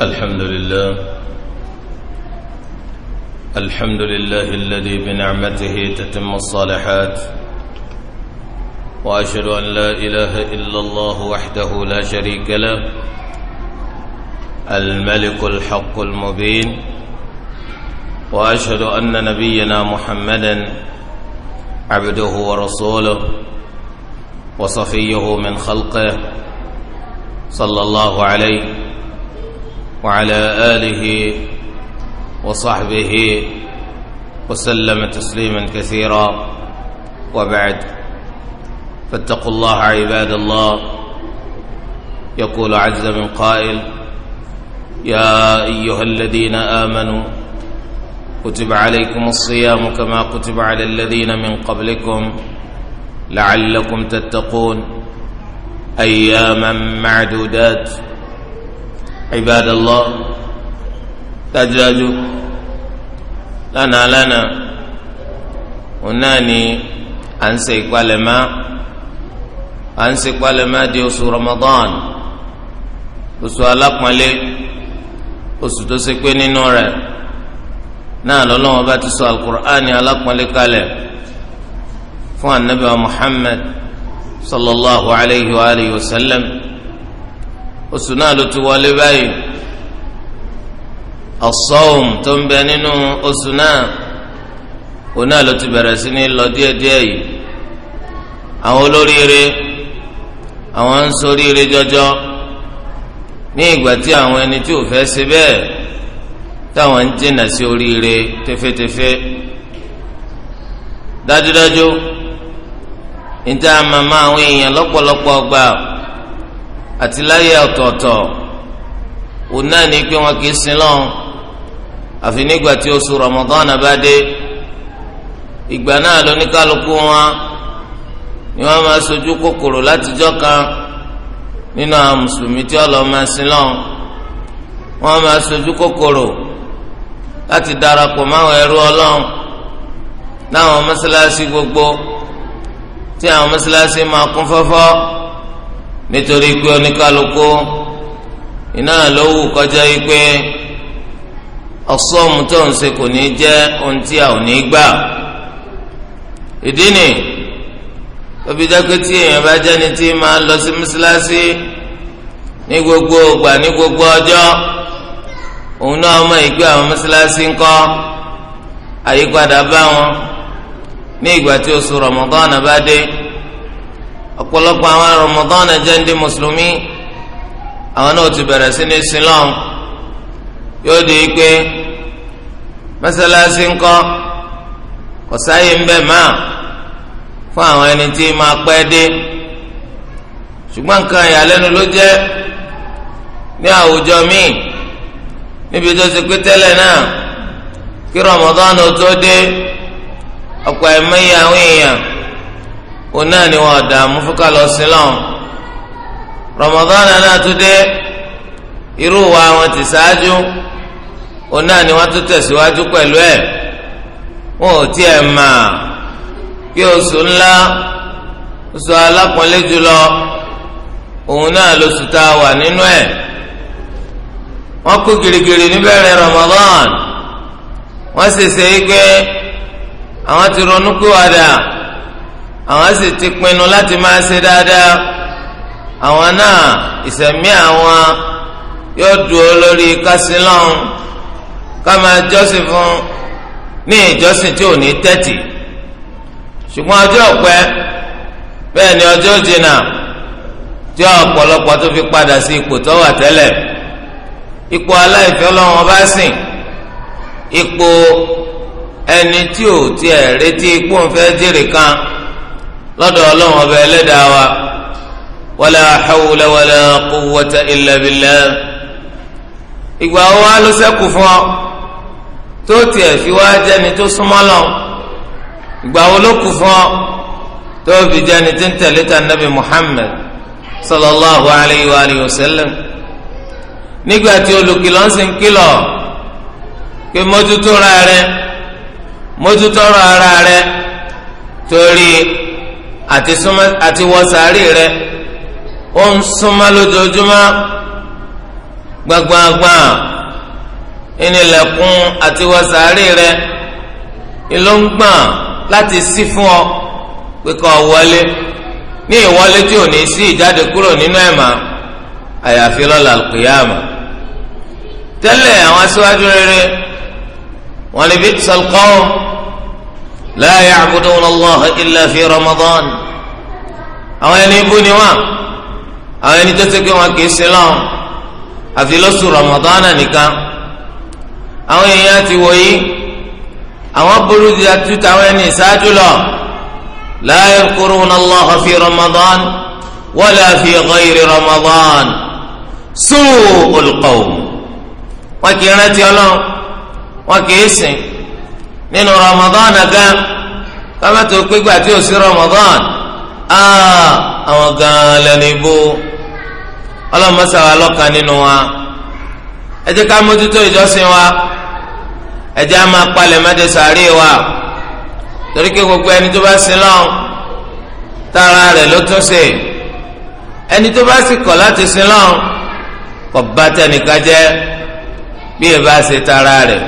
الحمد لله الحمد لله الذي بنعمته تتم الصالحات وأشهد أن لا إله إلا الله وحده لا شريك له الملك الحق المبين وأشهد أن نبينا محمدا عبده ورسوله وصفيه من خلقه صلى الله عليه وعلى آله وصحبه وسلم تسليما كثيرا وبعد فاتقوا الله عباد الله يقول عز من قائل يا أيها الذين آمنوا كتب عليكم الصيام كما كتب على الذين من قبلكم لعلكم تتقون أياما معدودات Ibadallah dájúdájú lánàá lánàá òun náà ni à ń ṣe ìpalẹ̀mọ́ à ń ṣe ìpalẹ̀mọ́ di oṣù Ramadan oṣù alápọ̀nlé oṣù tó ṣe pé nínú rẹ̀ náà lọ́lọ́wọ́n bá ti sọ alukur'ani alápọ̀nlé kalẹ̀ fún anabi Muhammad sallallahu alayhi wa alihi wa sallam. oṣù náà ló ti wọlé báyìí as tó ń bẹ nínú oṣù náà òun náà ló ti bẹ̀rẹ̀ sí ní lọ díẹ̀díẹ̀ yìí àwọn olóríire àwọn ń soríire jọjọ ní ìgbà tí àwọn ẹni tí ò fẹ́ ṣe bẹ́ẹ̀ táwọn ń jìnnà sí oríire tẹfẹ́tẹfẹ́ dájúdájú níta àwọn èèyàn lọ́pọ̀lọpọ̀ gbà. àti láyé ọ̀tọ̀ọ̀tọ̀ òun náà ní pé wọn kì í sin lọ́hùn àfi nígbà tí oṣù Ramadan bá dé ìgbà náà lóníkálukú wọn ni wọn máa sojú kòkòrò látijọ́ kan nínú àwọn mùsùlùmí tí ọlọ́ọ̀ máa sin lọ́hùn wọn máa sojú kòkòrò láti darapọ̀ máwọn ẹrú ọlọ́run láwọn mọ́sálásí gbogbo tí àwọn mọ́sálásí máa kún fọ́fọ́ nítorí pé oníkálukú iná ló wù kọjá yìí pé ọsọ́ọ̀mù tó ń ṣe kò ní jẹ́ ohun tí a ò ní gbà ìdí ni òbí dákẹ́ tí èèyàn bá jẹ́ni tí máa lọ sí mọ́sálásí ní gbogbo ògbà ní gbogbo ọjọ́ òun náà mọ̀ ìgbé àwọn mọ́sálásí ńkọ́ àyípadà bá wọn ní ìgbà tí oṣù Ramadan bá dé. ọ̀pọ̀lọpọ̀ àwọn Ramadan jẹ́ ndí mùsùlùmí àwọn náà ti bẹ̀rẹ̀ sí ní sílọ̀m yóò di ikpe mẹ́sàlásí ńkọ́ kò sáyé máa fún àwọn ẹni tí máa pẹ́ dé ṣùgbọ́n nǹkan ìyàlẹ́nu ló jẹ́ ní àwùjọ míì níbi tó ti pé tẹ́lẹ̀ náà kí òun náà ni wọn dààmú fúkà lọ sí lọ́hùn Ramadan náà tún dé irú wa wọn ti ṣáájú òun náà ni wọn tún tẹ̀síwájú pẹ̀lú ẹ̀ wọn ò tiẹ̀ mà kí oṣù ńlá oṣù alápọ̀nlé jùlọ òun náà lóṣù tá a wà nínú ẹ̀ wọ́n kú girigiri níbẹ̀rẹ̀ Ramadan wọ́n sì ṣe é pé àwọn ti ronú pé wàdà àwọn sì ti pinnu láti máa ṣe dáadáa àwọn náà ìsẹ̀mí àwọn yóò dúró lórí kásílọ́ọ̀n ká máa jọ́sìn fún ní ìjọsìn tí ò ní tẹ́tì ṣùgbọ́n ọjọ́ ọ̀pẹ bẹ́ẹ̀ ni ọjọ́ jìnnà tí ọ̀pọ̀lọpọ̀ tó fi padà sí ipò tó wà tẹ́lẹ̀ ipò aláìfẹ́ ọlọ́wọ́n bá sìn ipò ẹni tí ò tiẹ̀ retí ipò ń fẹ́ jèrè kan lọ́dọ̀ ọlọ́run ọba ẹlẹ́dàá wa wala hawla wala quwwata illa billah ìgbà wo wá ló ṣẹ́kù fún ọ tó tiẹ̀ fi wá jẹ́ni tó súnmọ́ lọ ìgbà wo ló kù fún ọ tó fi jẹ́ni tó ń tẹ̀lé ta nabi Muhammad sallallahu alayhi wa alihi wa sallam nígbà tí olùkìlọ̀ kìlọ̀ pé mójútó ra rẹ mójútó ra ara rẹ torí àti súnmọ́ àti wọ sàárì rẹ ó ń súnmọ́ lójoojúmọ́ gbangbangba ìnìlẹ̀kùn àti wọ sàárì rẹ ìlú ń gbọ̀n láti sí fún ọ pé kó wọlé ní ìwọlé tí ò ní sí ìjáde kúrò nínú ẹ̀mà àyàfi lọ́la kìyàmà tẹ́lẹ̀ àwọn aṣáájú rere wọn lè bí sọlkọ́ la ya'buduna Allah illa fi Ramadan àwọn ẹni ibú ni wọn àwọn ẹni tó ṣe pé wọn kì í ṣe lọ́wọ́ àfi lóṣù rọmọdánà nìkan àwọn èèyàn ti wòyí àwọn burú di àtúntà àwọn ẹni ìṣáájú lọ la yadhkuruna Allaha fi rọmọdán wala fi ghayri rọmọdán su'ul qawm wọn kì í rántí Ọlọ́run wọn kì í sìn nínú rọmọdán gan kámẹ́tò pé gbàtí ò sí rọmọdán. Ah, àwọn gan-an lẹ́nu ibú ọlọ́mọṣẹ́ wa lọ́kàn nínú wa ẹ jẹ́ ká mójútó ìjọsìn wa ẹ jẹ́ á máa palẹ̀ mẹ́tẹ̀ sàárè wa torí pé gbogbo ẹni tó bá sin lọ́n tára rẹ̀ ló tún ṣe ẹni tó bá sì kọ̀ láti sin lọ́n kò bá tẹnìkan jẹ́ bí ẹ bá ṣe tara rẹ̀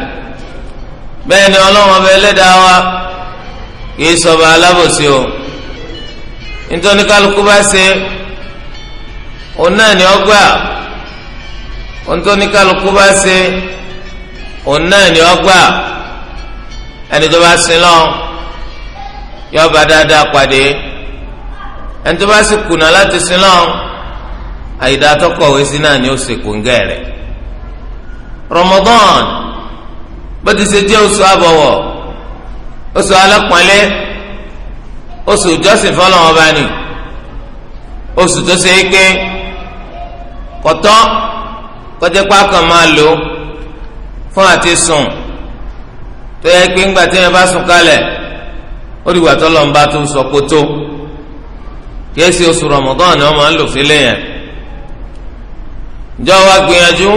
bẹ́ẹ̀ ni ọlọ́wọ́n bẹ ẹlẹ́dàá wa kì í sọ̀bà alábòsí o nítorí kálukú bá ṣe òun náà ni ọgbà nítorí kálukú bá ṣe òun náà ni ọgbà ẹni tó bá sin lọ yóò bá dáadáa pàdé ẹni tó bá sì kùnà láti sin lọ àyídá tó sí náà ni ó sì kóńgẹ́ rẹ̀ Ramadan bó ti ṣe jẹ́ oṣù àbọ̀wọ̀ oṣù alápọ̀nlé oṣù jọ́sìn fọlọ́wọ́n bá ní oṣù tó ṣe é pé kọ̀tọ́ kọjá pákan máa lò fún àti sùn tó yẹ pé ńgbà tí wọn bá sùn kalẹ̀ ó dìgbà tó lọ́n bá tó sọ kó kìí ṣe oṣù Ramadan ni wọn máa ń lò fílẹ̀ yẹn ìjọ wa gbìyànjú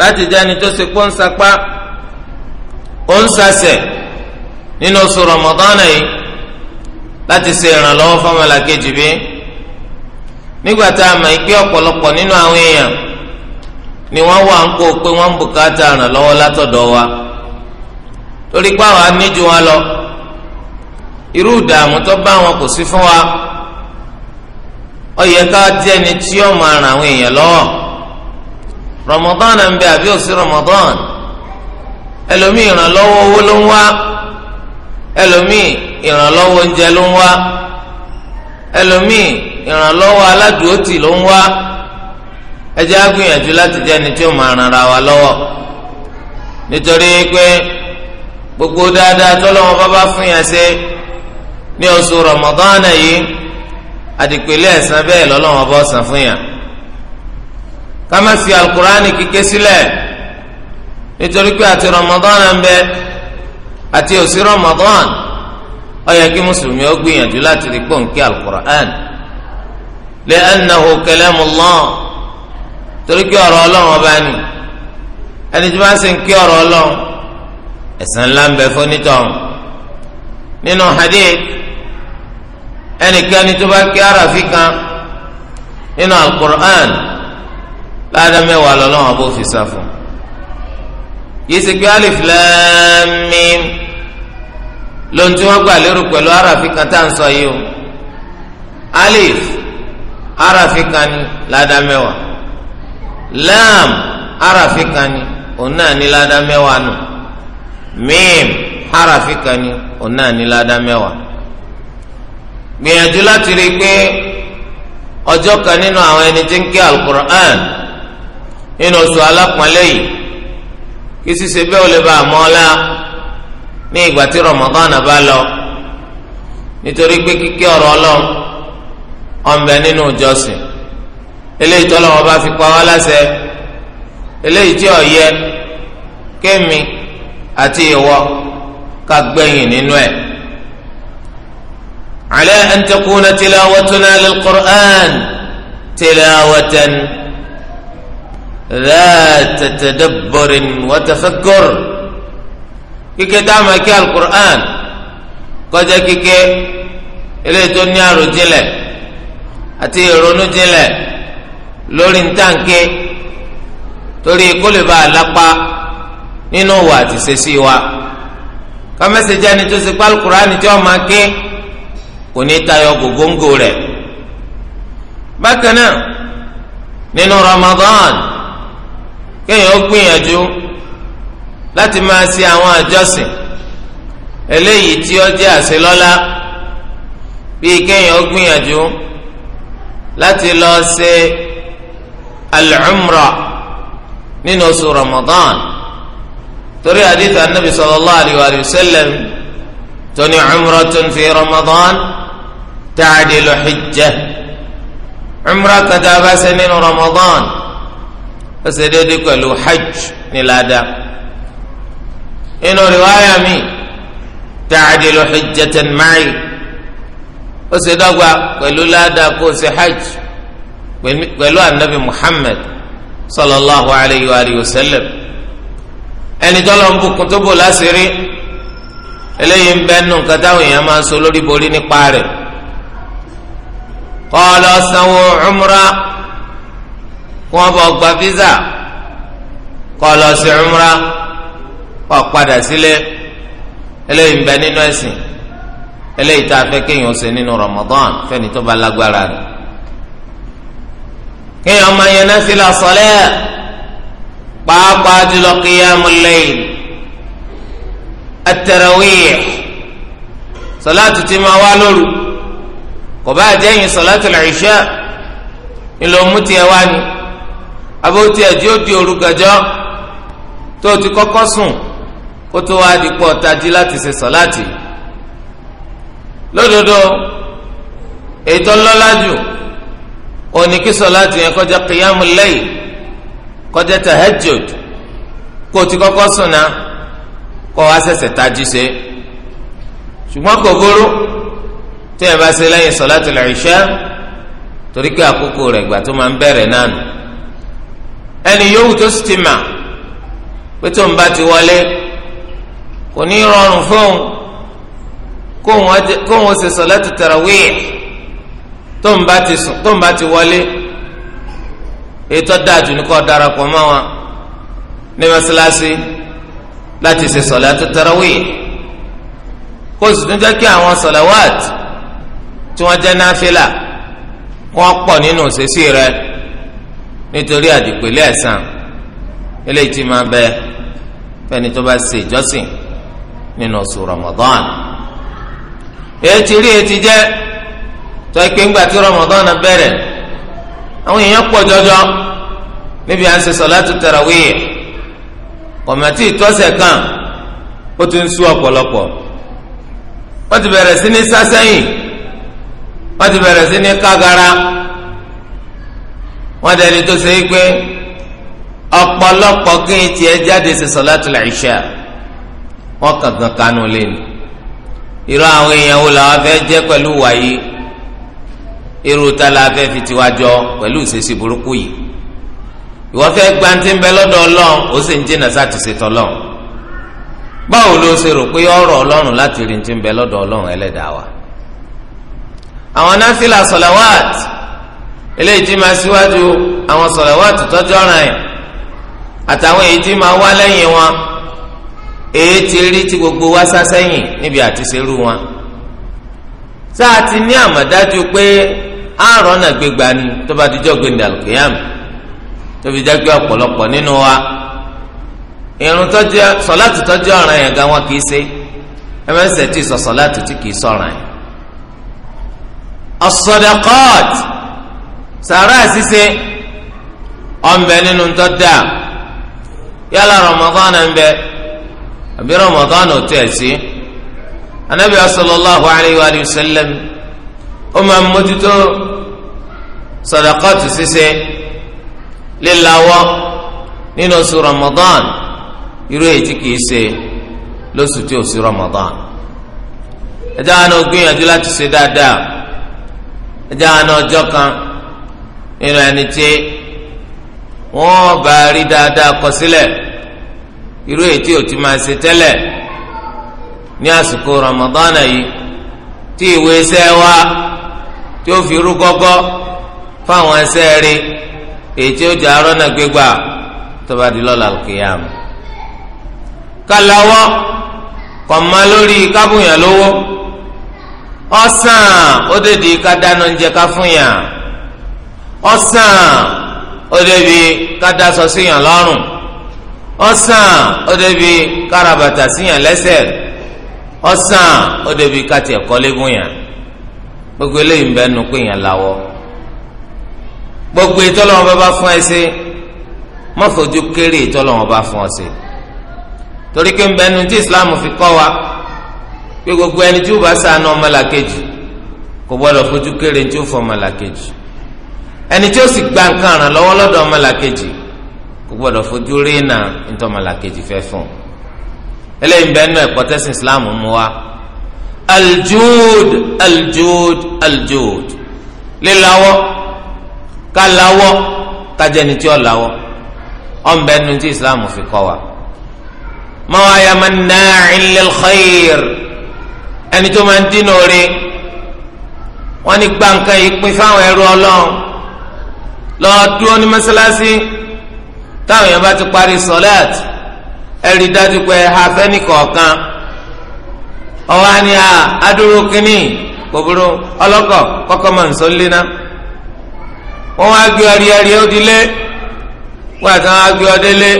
láti jáni tó ṣe pọ́n sapá ó ń sasẹ̀ nínú oṣù Ramadan yìí. láti ṣe ìrànlọ́wọ́ fọmọlàkejì bí nígbà tá a mọ̀ pé ọ̀pọ̀lọpọ̀ nínú àwọn èèyàn ni wọ́n wà ń kó pé wọ́n ń bùkátà ìrànlọ́wọ́ látọ̀dọ̀ wa torí pé àwa níjú wọn lọ irú ìdààmú tó bá wọn kò sí fún wa ká Ramadan ń bẹ àbí òsì Ramadan owó ẹlòmíì ìrànlọ́wọ́ oúnjẹ ló ń wá ẹlòmíì ìrànlọ́wọ́ aládùúgbòtì ló ń wá ẹ jẹ́ láti jẹ́ ẹni tí ó máa ràn ra wa lọ́wọ́ nítorí pé gbogbo dáadáa tọ́lọ́wọ́ bábá fún yẹn ṣe ní oṣù rọmọdánà yìí àdìpẹ̀lẹ̀ ẹ̀san bẹ́ẹ̀ lọ́lọ́wọ́ bá san fún yẹn ká má fi alukurani kíké sílẹ̀ nítorí pé àti àti òsì Ramadan ó yẹ kí mùsùlùmí ó gbìyànjú láti rí pọ̀nkí al-Qur'an li'annahu kalamullah torí kí ọ̀rọ̀ ọlọ́run ọba ni ẹni tí wọ́n ṣe ń kí ọ̀rọ̀ ọlọ́run ẹ̀san ńlá ń bẹ fún nítọ̀hún nínú hadith ẹnikẹ́ni tó bá kí arafi kan nínú al láàdá mẹ́wàá lọ́lọ́run ọba fi sá fún yìí ṣe kí alif lam lóhun tí wọ́n gbà lérò pẹ̀lú arafi kan tá à ń sọ yìí o alif arafi kan ni ládàá mẹ́wàá lam arafi kan ni òun náà ní ládàá mẹ́wàá nù mim arafi kan ni òun náà ní ládàá mẹ́wàá gbìyànjú láti rí i pé ọjọ́ kan nínú àwọn ẹni tí ń ké alukur'an nínú oṣù alápọ̀nlé kí ṣíṣe bẹ́ẹ̀ ò lè bá a mọ́ ọ́ la ní ìgbà tí Ramadan bá lọ nítorí pé kíké ọ̀rọ̀ Ọlọ́run ọ̀nbẹ nínú ìjọsìn eléyìí tọ́lọ́wọ́ bá fi pa wá láṣẹ eléyìí tí ó kémi àti ìwọ ká gbẹ̀yìn nínú ẹ̀. على أن تكون تلاوتنا للقرآن تلاوة ذات تدبر وتفكر kíkẹ́ tá a máa kí alukur'an kọjá kíkẹ́ eléyìí tó ní àròjinlẹ̀ àti ìrònújinlẹ̀ lórí ntànkì torí kó lè bá a lápá nínú òwò àti ṣèṣì wa kọ́mẹ́sẹ̀já ni tó ṣe pé alukur'an tí wọ́n máa kí kò ní tayọ gògóńgò rẹ̀ bákan náà nínú Ramadan kéèyàn ó gbìyànjú láti máa ṣe àwọn àjọsìn eléyìí tí ó jẹ́ àṣelọ́lá bíi kéèyàn ó gbìyànjú láti lọ ṣe al-umra nínú oṣù Ramadan torí àdìtà nàbì sallallahu alayhi wa sallam tóní umratun fi Ramadan ta'dilu hijjah umra kàtà bá ṣe nínú Ramadan ó ṣe déédéé pẹ̀lú hajj ní ládàá inú riwaya mi ta'dilu hujjatan ma'i ó ṣe dọ́gba pẹ̀lú ládàá kó ṣe hajj pẹ̀lú anabi muhammad sallallahu alayhi wa alihi wa sallam ẹni tọ́lọ̀ ń bùkún tó bò láṣìírí eléyìí ń bẹ́ nù nǹkan táwọn èèyàn máa ń so lórí borí nípa rẹ̀ kọ́ sanwó umra kí wọ́n gba visa kọ́ sí umra. ọ padà sílé eléyìí ń bẹ nínú ẹ̀sìn eléyìí tá a fẹ́ kéèyàn ṣe nínú Ramadan fẹ́ni tó bá lágbára rẹ̀ kéèyàn máa yan náfìlà sọlẹ́ pàápàá jùlọ qiyamul layl at-tarawih sọláàtù tí máa wá lóru kò bá jẹ́yìn sọláàtù al-isha ńlọ mú tiẹ̀ wá ni abótiẹ̀ tí ó di tó ti kọ́kọ́ sùn. ó tó wá di pọ̀ tají láti ṣe sọ̀láàtì lódodo ètò ńlọ́lájú òní kí sọ̀láàtì yẹn kọjá kìyàmù lẹ́yìn kọjá tahajjud kó o ti kọ́kọ́ sùn náà kó o wá ṣẹ̀ṣẹ̀ tají ṣe ṣùgbọ́n kò burú yẹn bá ṣe lẹ́yìn sọ̀láàtì l'Isha torí pé àkókò rẹ̀ gbà tó máa ń bẹ̀rẹ̀ náà nù ẹni yòówù tó sì ti mà pé tó ń bá ti wọlé kò ní rọrùn fóun kóun ó ṣe sọlátù tarawih tóun bá ti sùn tóun bá ti wọlé ètò dáàtú ni kò darapọ̀ mọ́ wọn ní mọ́sálásí láti ṣe sọlátù tarawih kó sì tún jẹ́ kí àwọn sọlẹ́wàt tí wọ́n jẹ́ náfìlà wọ́n pọ̀ nínú òṣèṣì rẹ̀ nítorí àdìpẹ̀lẹ̀ ẹ̀san eléyìí ti máa bẹ fẹ́ni tó bá ṣe ìjọsìn nínú oṣù Ramadan etí rí etí jẹ tó ẹ pé ńgbà tí Ramadan bẹ̀rẹ̀ àwọn èèyàn pọ̀ jọjọ níbi à ń ṣe sọ̀látù tarawih kọ̀mọ̀tì ìtọ́sẹ̀ kan ó ti ń sú ọ̀pọ̀lọpọ̀ wọ́n ti bẹ̀rẹ̀ sí ní sásẹ́yìn wọ́n ti bẹ̀rẹ̀ sí ní kágara wọ́n dẹni tó ṣe é pé ọ̀pọ̀lọpọ̀ kí n tiẹ̀ jáde ṣe sọ̀látù l'Isha wọn kankan kanu lé irú àwọn èèyàn wo làwọn fẹ́ jẹ́ ta la fe fi jọ ìṣesí burúkú yìí ìwọ fẹ́ gbanti ń bẹ lọdọ ọlọrun ó sì ń jìnnà sáti ṣètò Ọlọ́run báwo ló ṣe rò pé láti rí ti ń bẹ lọ́dọ̀ Ọlọ́run Ẹlẹ́dàá wa àwọn sọlẹwàt eléyìí máa síwájú àwọn sọlẹwàt tọjọ àtàwọn èyí máa wá èyí ti rí ti gbogbo wa sá sẹ́yìn níbi àtiṣerú wọn sáà ti ní àmọ̀dájú pé àárọ̀ náà gbégbá ni tó bá ti jọ́ gbẹ̀ndà kìyàm tó fi ọ̀pọ̀lọpọ̀ wa irun tọ́jú sọ̀láàtì tọ́jú ọ̀ràn yẹn gan wọn kì í ṣe sọ sọ̀láàtì tí kì í sọ̀ràn yẹn. as-sadaqat sàrà ṣíṣe ọ̀nbẹ nínú tọ́jà yálà Ramadan náà ń àbí rọmọdán ò tẹ̀ sí anabi sallallahu alayhi wa sallam ó máa ń mójútó sadaqatu ṣíṣe líláwọ́ nínú oṣù rọmọdán irú èyí tí kìí ṣe lóṣù tí ò sí rọmọdán ẹjẹ àwọn náà gbìyànjú láti ṣe dáadáa ẹjẹ àwọn náà kan nínú ẹni tí wọ́n bá rí dáadáa kọ irú ètí ò ti máa ṣe tẹ́lẹ̀ ní àsìkò ramadana yìí tí ìwé iṣẹ́ wa tí ó fi rú fáwọn ẹsẹ̀ rí ètí ó arọ́nà gbégbà tó bá di lọ́la kìyàm. lórí kábùyàn lówó ọ̀sán ó dèdè ká dáná ka ká fún yàn ọ̀sán ó dèbí ká dá sọ síyàn lọ́rùn. ọsàn ó débi kárabàtà síyàn lẹ́sẹ̀ ọsàn ó débi kàtì ẹkọlẹgùn yàn gbogbo eléyìí ń bẹ nu pé yàn làwọ gbogbo ìtọ́lọ́wọ́n bá bá fún ẹ sí má fojú kéré ìtọ́lọ́wọ́n bá fún ọ sí torí pé ń bẹ nu tí Islam fi kọ́ wa pé gbogbo ẹni tí ó bá ṣàánú ọmọlàkejì kò gbọdọ̀ fojú kéré tí ó fọ ọmọlàkejì ẹni tí ó sì gba nǹkan ràn lọ́wọ́ lọ́dọ̀ ọmọlàkejì kò gbọdọ̀ fojú rínà ntọ́mọlàkejì fẹ́ fún un eléyìí bẹ́ẹ̀ nù ẹ̀kọ́ tẹ́sí islam mú wa aljud aljud aljud lílawọ́ kálawọ́ kájẹni tí ó lawọ́ ọ̀n bẹ́ẹ̀ nù tí islam fi kọ́ wa ma wa ya manna'in lil khair ẹni tó máa ń dín lórí wọn ní gbàǹkan yìí pín fáwọn ẹrú ọlọ́run lọ́ọ́ dúró ní mọ́sálásí. táwọn èèyàn bá ti parí sọlẹ́t ẹ̀rí dájú pé afẹ́ nìkọ̀ọ̀kan ọwọ́ a adúró kínní kò ọlọ́kọ̀ kọ́kọ́ mọ̀ nsọ́ léná wọ́n wá gbé ọrí ẹrí ó lé wọ́n àti wọ́n gbé lé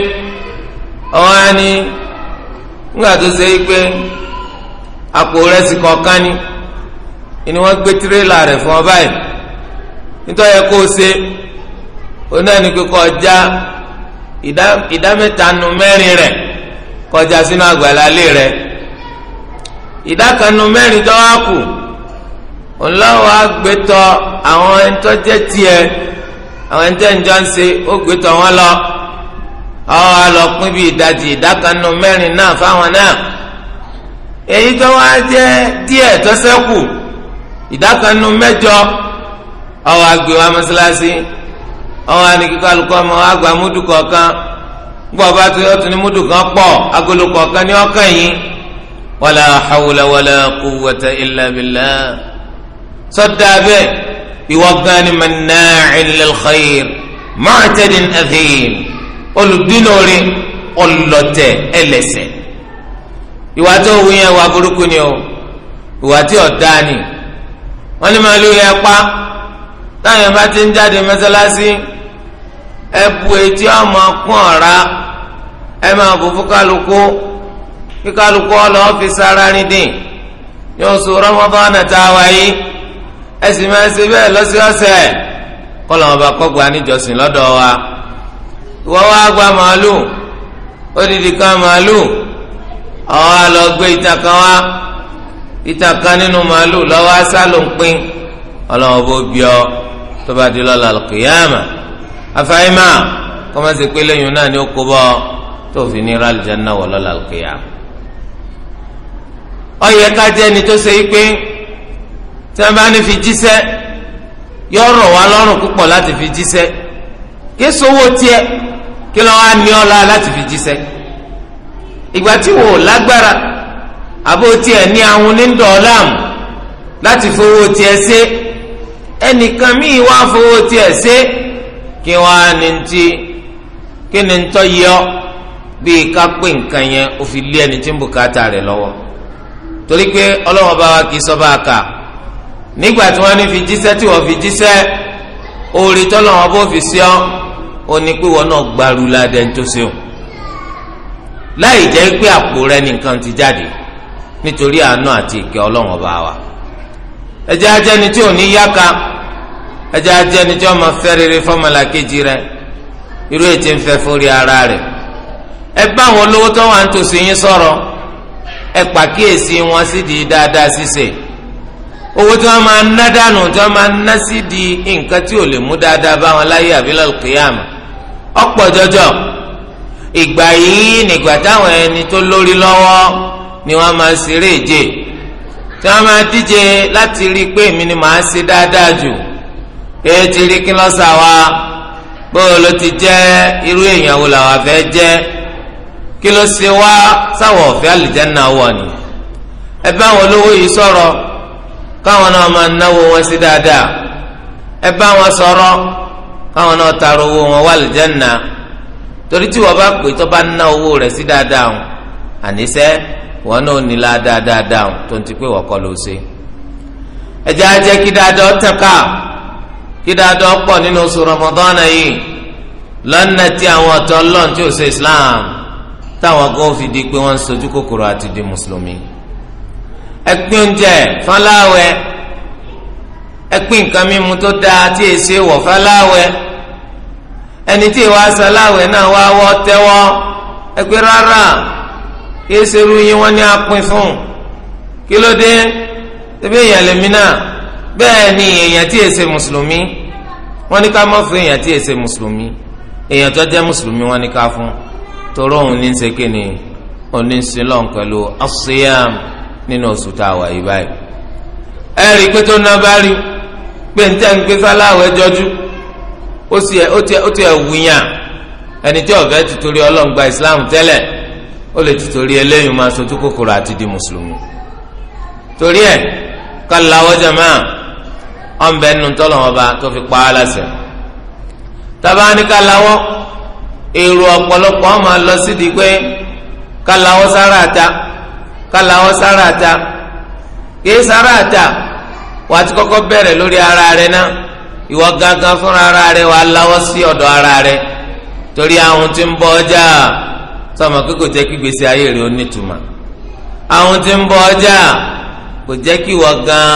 ọwọ́ ni wọ́n gbé tirẹ́là rẹ̀ fún ọ báyìí nítorí ẹ kó o ṣe onáà ìdá mẹ́ta nu mẹ́rin rẹ̀ kọjá sínú àgbàlá rẹ̀ ìdá kan nu mẹ́rin tó wá kù àwọn ẹ̀ńtọ́ jẹ́ tiẹ̀ àwọn ẹ̀ńtọ́ ìjọ ń ṣe ó gbẹ́tọ̀ wọn lọ ọ́ lọ pín bí ìdajì ìdá kan nu mẹ́rin náà fáwọn náà èyí tó wá jẹ́ díẹ̀ àwọn anìkíkọ alùpùpù ọmọ àgbà múdù kọ̀ọ̀kan gbọ́ bá tó ọtún ní múdù kan pọ̀ agolo kọ̀ọ̀kan ní ọkàn yìí wàlà hawla wàlà quwwata illa billah sọ́dà bẹ́ẹ̀ ìwọ gan ni manna'in lil khair mu'tadin adhim olùdínlórí ọlọ̀tẹ̀ ẹlẹ́ṣẹ̀ ìwà tó wù wà burúkú ni o ìwà tí ọ̀ dáa ni màálù yẹn pa táwọn bá ti ń jáde mọ́sálásí ẹ bu etí ọmọ kún ọ̀ra ẹ máa bù fún kálukú kí kálukú ọlọ́ọ́ fi sára rìn dín yóò sọ Ramadan tá a wáyé ẹ sì máa ṣe bẹ́ẹ̀ lọ́sọ̀ọ̀sẹ̀ kọ́lọ̀ ọba kọ́gbà níjọsìn lọ́dọ̀ wa ìwọ́ wa gba màálù ó kan màálù àwọn alọ́gbé ìtàkàn wa ìtàkàn nínú màálù lọ́wọ́ asálòpin ọlọ́wọ́ bó bí ọ tó bá di lọ́la kìyàmà àfàìmà kọ́mọ́sí pé lẹ́yìn náà ni ó kó bọ́ tó fi ní ra àlùjánnà wọ̀ lọ́la kìyàmà. ó yẹ ká jẹ́ ẹni tó ṣe é pé tí wọ́n bá ní fi jíṣẹ́ yọ rọ̀ wá lọ́rùn púpọ̀ láti fi jíṣẹ́ kí sówó tiẹ̀ kí lọ́wọ́ á ní ọ̀la láti fi jíṣẹ́ ìgbà tí wò lágbára àbó tiẹ̀ ní àwọn onídọ̀ọ́láàmù láti fowó tiẹ̀ ṣe ẹnìkan míì wá fowó tiẹ̀ ṣe kí wọ́n á ní ti kí ni tọ́ yọ bíi ká pé nǹkan yẹn ó fi lé ẹni tí ń bùkátà rẹ̀ lọ́wọ́ torí pé ọlọ́wọ́n bá wa kì í sọ́ba àkà nígbà tí wọ́n ní fi jíṣẹ́ tí wọ́n fi jíṣẹ́ oore tọ́lọ́wọ́n bó fi sí ọ́ ó ní pé wọ́n náà gbaru ládẹ́ tó ṣeun láì jẹ́ pé àpò rẹ̀ nìkan ti jáde nítorí àánú àti ìkẹ́ ọlọ́wọ́n bá wa. ẹjẹ ajẹni tí o ní yaka ẹjẹ ajẹni tí ọmọ fẹ́ rere fọmọlá kejì rẹ irú ètí ń fẹ́ fórí ara rẹ ẹ bá àwọn olówó tó wà ń tòsí yín sọ̀rọ̀ ẹ pàkíyèsí wọn sì di dáadáa ṣíṣe owó tí wọn máa ná dànù tí wọn máa ná sí di nǹkan tí ò lè mú dáadáa bá wọn láyé àbílẹ̀ kìyàmù ọ̀pọ̀ jọjọ ìgbà yìí nìgbà táwọn ẹni tó lórí lọ́wọ́ ni máa ṣeré tí wọ́n máa díje láti rí i pé èmi ni màá ṣe dáadáa jù rí kí lọ́sà wa bóyá ló ti jẹ́ irú èèyàn wo làwọn afẹ́ jẹ́ kí ló ṣe wá sáwọ̀ ọ̀fẹ́ àlìjáná wọ̀ ni ẹ àwọn olówó yìí sọ̀rọ̀ káwọn náà máa náwó wọn sí dáadáa sọ̀rọ̀ káwọn náà taara owó wọn torí tí wọ́n bá pè wọn náà ní la dáadáa tó ń ti pé wọ́n ló ṣe. ẹ jẹ́ kí dáadáa tàn kí nínú oṣù yìí lọ́nà tí àwọn ọ̀tọ́ tí ò ṣe Islam táwọn fi di pé wọ́n ń sojú kòkòrò àti di mùsùlùmí. oúnjẹ fọláwẹ nǹkan mímu tó dáa tí fọláwẹ ẹni tí ìwà náà wá eseru yín wọn ní apin fún kí ló dé ebi èèyàn lèmi náà bẹ́ẹ̀ ni èèyàn tí èsè mùsùlùmí wọn ní ká má fún èèyàn tí èsè mùsùlùmí èèyàn tó jẹ́ mùsùlùmí wọn ní ká fún toró òun ní sèké ni òun ní sílọ̀n pẹ̀lú asiyam nínú oṣù tá a wà yí báyìí ẹ rí i pé tó n tẹ́ ń gbé sáláwẹ̀ ti ẹ̀ wúyàn ẹni tí ọ̀gá ti torí ọlọ́ngbà Islam tẹ́lẹ̀ ó lè tìtorí ẹlẹ́yìn máa sojú kòkòrò àti di mùsùlùmí torí ẹ̀ kálíláwọ́ jẹ̀mọ́ ọ̀nbẹ nínú tọ́lọ́mọba tó fi pa á láṣẹ tabaani kálíláwọ́ èrò ọ̀pọ̀lọpọ̀ ọmọ lọ sídìí pé kálíláwọ́ sára ata kálíláwọ́ sára ata kìí sára ata wàá ti kọ́kọ́ bẹ̀rẹ̀ lórí ara rẹ náà ìwọ gángan fúnra ara rẹ wàá láwọ́ sí ọ̀dọ̀ ara rẹ torí àwọn tí ń bọ́ ọjà. Ja sọmọ kókò jẹ́ kí gbèsè ayé rẹ̀ ó nítumọ̀ àwọn tí ń bọ ọjà kò jẹ́ kí wọ́n gan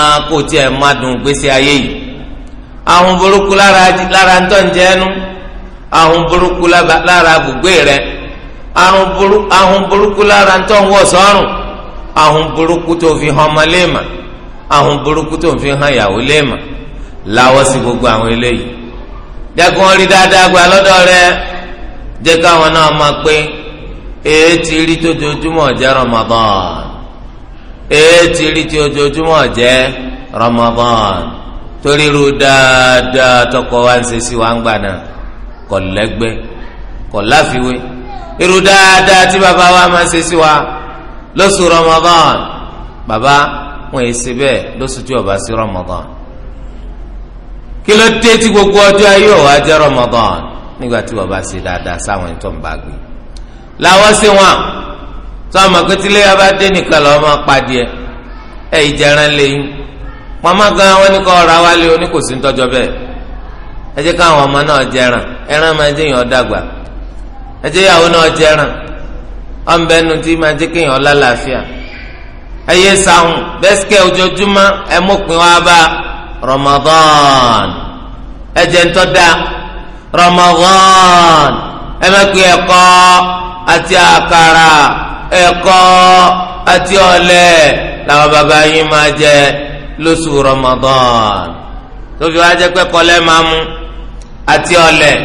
tiẹ̀ má dùn gbèsè ayé yìí àwọn burúkú lára ń tọ́ ń jẹ́nu àwọn burúkú lára àbùgbé rẹ̀ àwọn burúkú lára ń wọ̀ àwọn fi hàn ọmọ léèmà àwọn gbogbo àwọn eléyìí rí dáadáa lọ́dọ̀ rẹ̀ jẹ́ káwọn èétí rí tó ojoojúmọ́ jẹ́ Ramadan èétí rí tó ojoojúmọ́ jẹ́ Ramadan torí ru dáadáa tọkọ wa ń ṣe sí wa ń gbà náà kò lẹ́gbẹ́ kò láfiwé irú dáadáa wa máa ń ṣe wa lóṣù Ramadan Baba wọn èyí ṣe bẹ́ẹ̀ lóṣù tí ó bá sí Ramadan kí ló dé tí gbogbo ọjọ́ ayé ọ̀wá jẹ́ Ramadan nígbà tí bàbá ṣe dáadáa sáwọn ẹni ń bá gbé. làwọn sí wọn tó àmọ kẹtìlẹ yà bá dé nìkan lọ máa pàdé ẹ ìjẹran lẹ́yìn pamọ gan wọn ní kọ ọ̀rọ̀ awálé oní kò sí ntọjọ bẹ́ẹ̀ ẹ jẹ́ káwọn ọmọ náà jẹran ẹran máa jẹ yàn dàgbà ẹ náà jẹran nu máa jẹ kéèyàn lálàáfíà ẹ bẹsikẹ ẹ mọpin bá ẹ jẹ da ẹ àti àkàrà ẹ̀kọ àti ọ̀lẹ̀ làwọn bàbá yín máa jẹ lóṣù Ramadan tó wá jẹ pé kọlẹ máa mú àti ọ̀lẹ̀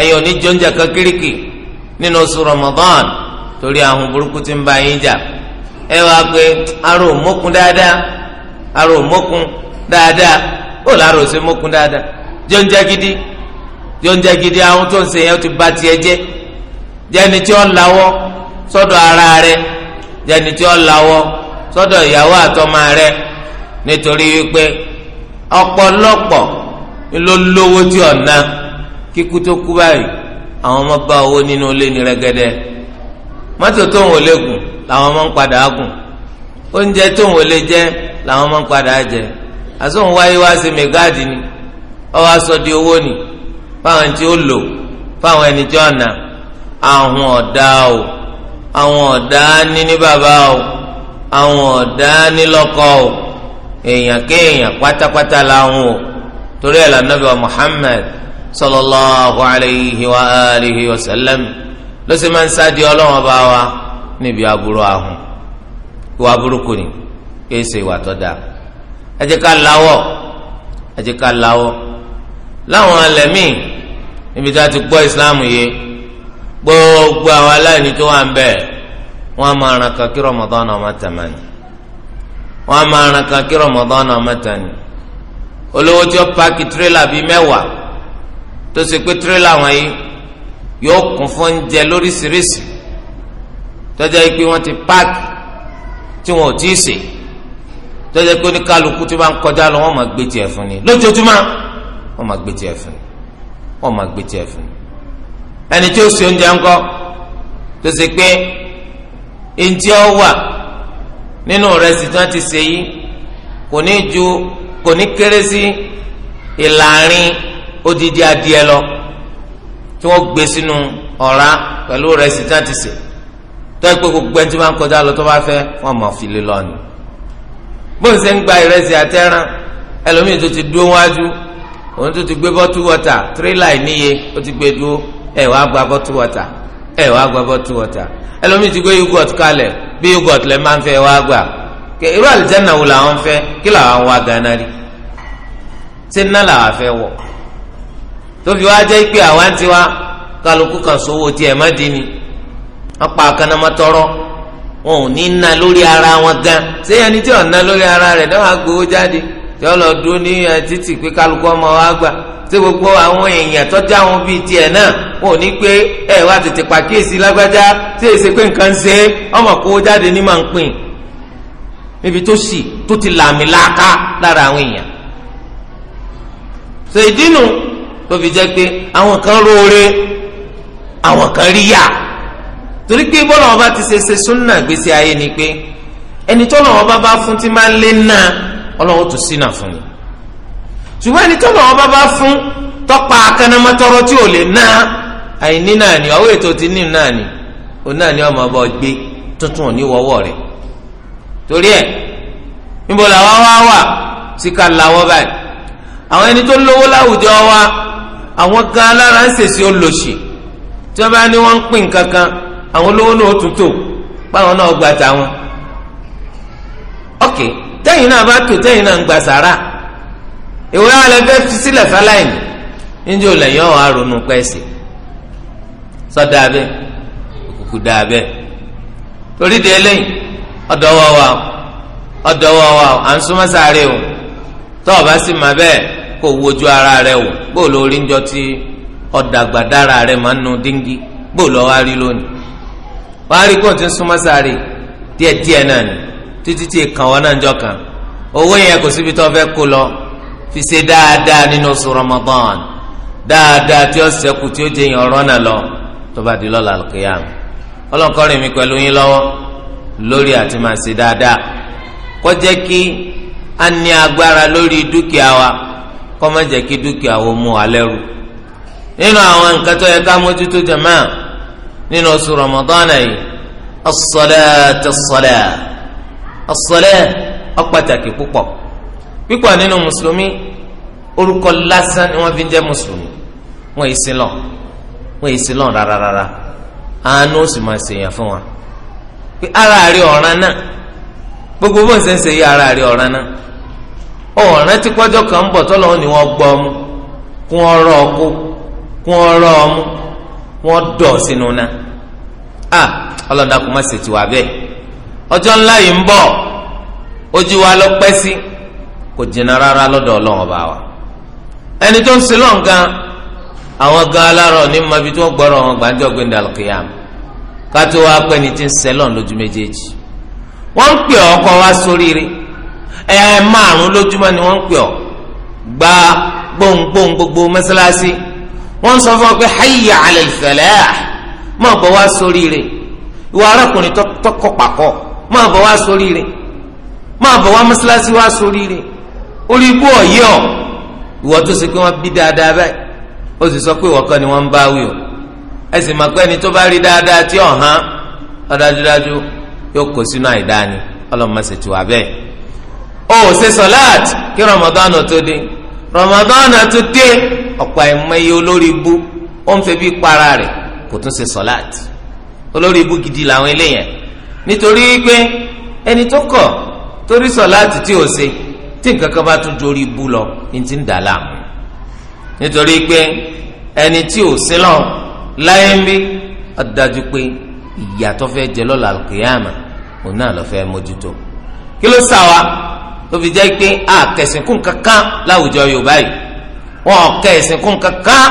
ẹ̀yin òní jọ́njà kan kíríkì nínú oṣù Ramadan torí àwọn burúkú ti ń bá yín jà ẹ wá pé arò mọ́kun dáadáa arò mọ́kun dáadáa ó lárò gidi jọ́njà gidi àwọn tó ń ṣe yẹn jẹni tí ó lawọ́ sọ́dọ̀ ara rẹ̀ jẹni tí ó lawọ́ sọ́dọ̀ ìyàwó àtọmọ rẹ̀ nítorí wípé ọ̀pọ̀lọpọ̀ ló lówó tí ò ná kíkú tó kú báyìí àwọn ọmọ bá owó nínú ilé ní rẹ́gẹ́dẹ́ mọ́tò tó ń wọlé gùn làwọn ọmọ ń padà gùn oúnjẹ tó ń wọlé jẹ làwọn ọmọ ń padà jẹ àsóhun wáyé wá sí mẹgáàdì ni ọwọ́ aṣọ di owó ni fáwọn ẹni tí ó lò fáwọn ẹni tí ó nà. àwọn ọ̀dà o àwọn ọ̀dà ní ní bàbá o àwọn ọ̀dà èèyàn kéèyàn pátápátá làwọn torí ẹ̀ lànàbí wa Muhammad sallallahu alayhi wa alayhi wa sallam ló sì máa ń sáàdì ọlọ́wọ́n bá wa níbi aburú ahùn ìwà burúkú ni kìí ṣe ìwà tó dáa ká ká láwọn alẹ́ gbogbo àwọn aláìní tó wà ń bẹ wọn a máa ràn kan kí náà má tẹmẹ ni wọn a máa ràn kan kí Ramadan náà má ni olówó tí ó paaki tirela bíi mẹ́wàá tó ṣe pé tirela wọn yìí yóò kún fún oúnjẹ lóríṣiríṣi yìí pé ti paaki tí wọn ò tí ì sè tọ́jà pé oníkàlùkù tí wọ́n kọjá lọ ẹni tí ó sì oúnjẹ ńkọ tó ṣe pé eŋti ọ wà nínú ìrẹsì tí wọ́n ti ṣe yìí kò ní ju kò ní kéré sí ìlàrin odidi adìẹ lọ tí wọ́n gbé sínú ọ̀rá pẹ̀lú ìrẹsì tí wọ́n ti ṣe tó ẹ pé gbogbo ẹni tí wọ́n kọjá lọ tó bá fẹ́ wọ́n mọ̀ fìlè lọ ni bóun ṣe ń gba ìrẹsì àtẹrán ẹlòmíì tó ti dúró wájú òun tó ti gbé bọ́tú wọ́tà tírélà ìníye ó ti gbé dúró ẹ wàá gba bottle water ẹ gba ẹlòmíì ti gbé yogurt kalẹ̀ bí yogurt lẹ́ máa ń fẹ́ wàá gbà kẹ irú àlìjáná wo làwọn fẹ́ kí làwọn wá gánà rí ṣé ná làwọn fẹ́ wọ̀ tóbi wá jẹ́ pé àwa ń tiwa kálukú kan sówó tiẹ̀ má di ni wọ́n pa akanamatọ́rọ́ wọn ò ní ná lórí ara wọn gan ṣé ẹni tí ná lórí ara rẹ̀ náà á gbowó jáde. tí ó lọ dúró ní títì pé kálukú ọmọ wa gbà tí gbogbo àwọn èèyàn tọ́jú àwọn bíi tiẹ̀ náà wọn ò ní pé ẹ wá tètè pàkíyèsí lágbájá tí èsì pé nǹkan ń ṣe ọmọ kó jáde ní máa ń pín níbi tó sì tó ti làmì láàká lára àwọn èèyàn. ṣe ìdínú tó fi jẹ́ pé àwọn kan róore àwọn kan rí yà torí pé bọ́lá wọn bá ti ṣe ṣe súnà gbèsè ayé ni pé ẹni tó lọ́wọ́ bá bá fún ti máa ń lé náà ọlọ́wọ́ tó sínà fún ni ṣùgbọ́n ẹni tọ́lọ̀ wọn bá bá fún tọ́pa akẹnamọ́tọ́rọ́ tí ò lè ná àìní náà ni ọwọ́ ètò ti ní náà ni òun náà ni ọmọ ọba gbé tuntun òní wọ́wọ́ rẹ̀ torí ẹ̀ níbo làwọn wá wà síkà làwọn báyìí àwọn ẹni tó lówó láwùjọ wa àwọn kan alára ń ṣèṣì olóṣì tí wọ́n bá ní wọ́n ń pín nǹkan kan àwọn olówó náà ó báwọn náà gba tàwọn. okay tẹ́yìn náà bá tó tẹ́yìn náà ń gba sàrà ìwé fi sílẹ̀ fáláìní níjẹ́ ò lẹ́yìn ọ̀hún àrònú pẹ́ẹ́sì sọ́dọ̀ abẹ́ òkùnkùn dà abẹ́ torí eléyìí ọ̀dọ̀ à ń súnmọ́ sáré o tọ́ ọ̀bá sì bẹ́ẹ̀ kó wojú ara rẹ o bó lórí ń tí ọ̀dàgbà rẹ máa ń nu díngí bó wá rí lónìí wọ́n rí súnmọ́ sáré díẹ̀díẹ̀ náà títí tí èkán wọn náà ń jọ kan owó yẹn kò síbi fi ṣe dáadáa nínú oṣù Ramadan dáadáa tí ó ṣẹ́kù tí ó jẹ yẹn ọ̀rọ̀ náà lọ tó bá di lọ́la al ọlọ́kọ́rin mi pẹ̀lú yín lọ́wọ́ lórí àti máa ṣe dáadáa kó jẹ́ kí a ní agbára lórí dúkìá wa kó má jẹ́ kí dúkìá wo mú wa lẹ́rù nínú àwọn nǹkan tó yẹ ká mójútó nínú as-salat ó pàtàkì nínú mùsùlùmí orúkọ ni wọn fi ń mùsùlùmí wọ́n yìí sílọ̀ wọ́n yìí sílọ̀ rárára àánú sì máa fún wa pé ara rí gbogbo bó ń ṣe yí ara rí ọ̀ràn náà ọ̀ràn tí pọ́jọ́ kan ń bọ̀ tọ́lọ́ ni wọ́n ọjọ́ ńlá yìí ń bọ̀ ojú wa ló pẹ́ sí kò jìnnà rárá lọ́dọ̀ ọlọ́run bá wa ẹni tó ń sin lọ́n gan àwọn gan alárọ̀ ní mọbi tí wọ́n gbọ́rọ̀ wọn gbàǹjọ́ gbẹ̀ndà lọ́kìyàm kátó wa pẹ́ ni ti ń sẹ́ lọ́n lójú méjèèjì wọ́n ń pè ọ́ kọ́ wa sóríire ẹ̀ márùn lójúmọ́ ni wọ́n ń pè ọ́ gba gbóngbóng gbogbo mọ́sálásí wọ́n sọ fún ọ pé hayya ala al mọ̀ bọ́ wa sóríire ìwà arákùnrin tọkọ pàkọ́ máa bọ̀ wá sórí rẹ̀ máa bọ̀ wá mọ́sálásí wá sórí rẹ̀ orí ibú ọ̀yẹ́ ọ̀ ìwọ tó ṣe pé wọ́n bí dáadáa báyìí ó sì sọ ni wọ́n ń o ẹ máa pẹ́ ni tó bá rí dáadáa tí ọ̀ ọ̀dájúdájú yóò kó sínú ti wà bẹ́ẹ̀ o ò ṣe sọ̀láàt kí rọmọdánù tó dé rọmọdánù tó dé ọ̀pọ̀ àìmọye olórí ibú ó ń fẹ́ bí para rẹ̀ kò tún ṣe nítorí pé ẹni tó kọ̀ torí sọ láti tí ò ṣe tí nǹkan kan bá tún bú lọ ní ti ń dà láàmú nítorí pé ẹni tí ò ṣe lọ láyé ń bí ọ̀dájú pé ìyàtọ̀ fẹ́ jẹ lọ́la kìyàmà òun náà lọ́ fẹ́ mójútó kí ló sà wá fi jẹ́ pé àkẹsìnkún kankan láwùjọ Yorùbá yìí wọn kẹsìnkún kankan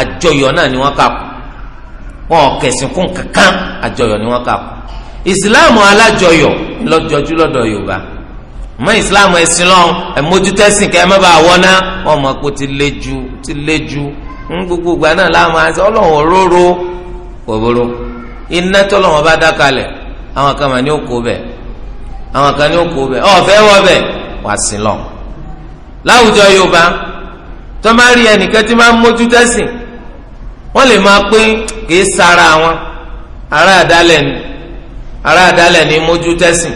àjọyọ̀ náà ni wọ́n kà kù wọn ni wọ́n kà ìsìláàmù alájọyọ̀ lọ́jọ́jú lọ́dọ̀ yorùbá mọ ìsìláàmù ẹ̀sìn lọ́n ẹ̀mójútẹ́sìn kẹ́ ẹ má bàa wọ́ná wọn mọ̀ pé ti lé ju ti lé ju ń gbogbo ìgbà náà láàmú àti ọlọ́run òróró kòbóró iná tọ́lọ́wọ́n bá dákalẹ̀ àwọn kan mà ní òkú bẹ̀ àwọn kan ní òkú bẹ̀ ọ̀fẹ́ wọ bẹ̀ wà sí lọ́n láwùjọ yorùbá tó ẹnìkan tí máa ń mójútẹ́sìn wọ́n lè máa pín kì í sara wọn ará àdálẹ̀ ni ara àdálẹ̀ ní mójú tẹ́sìn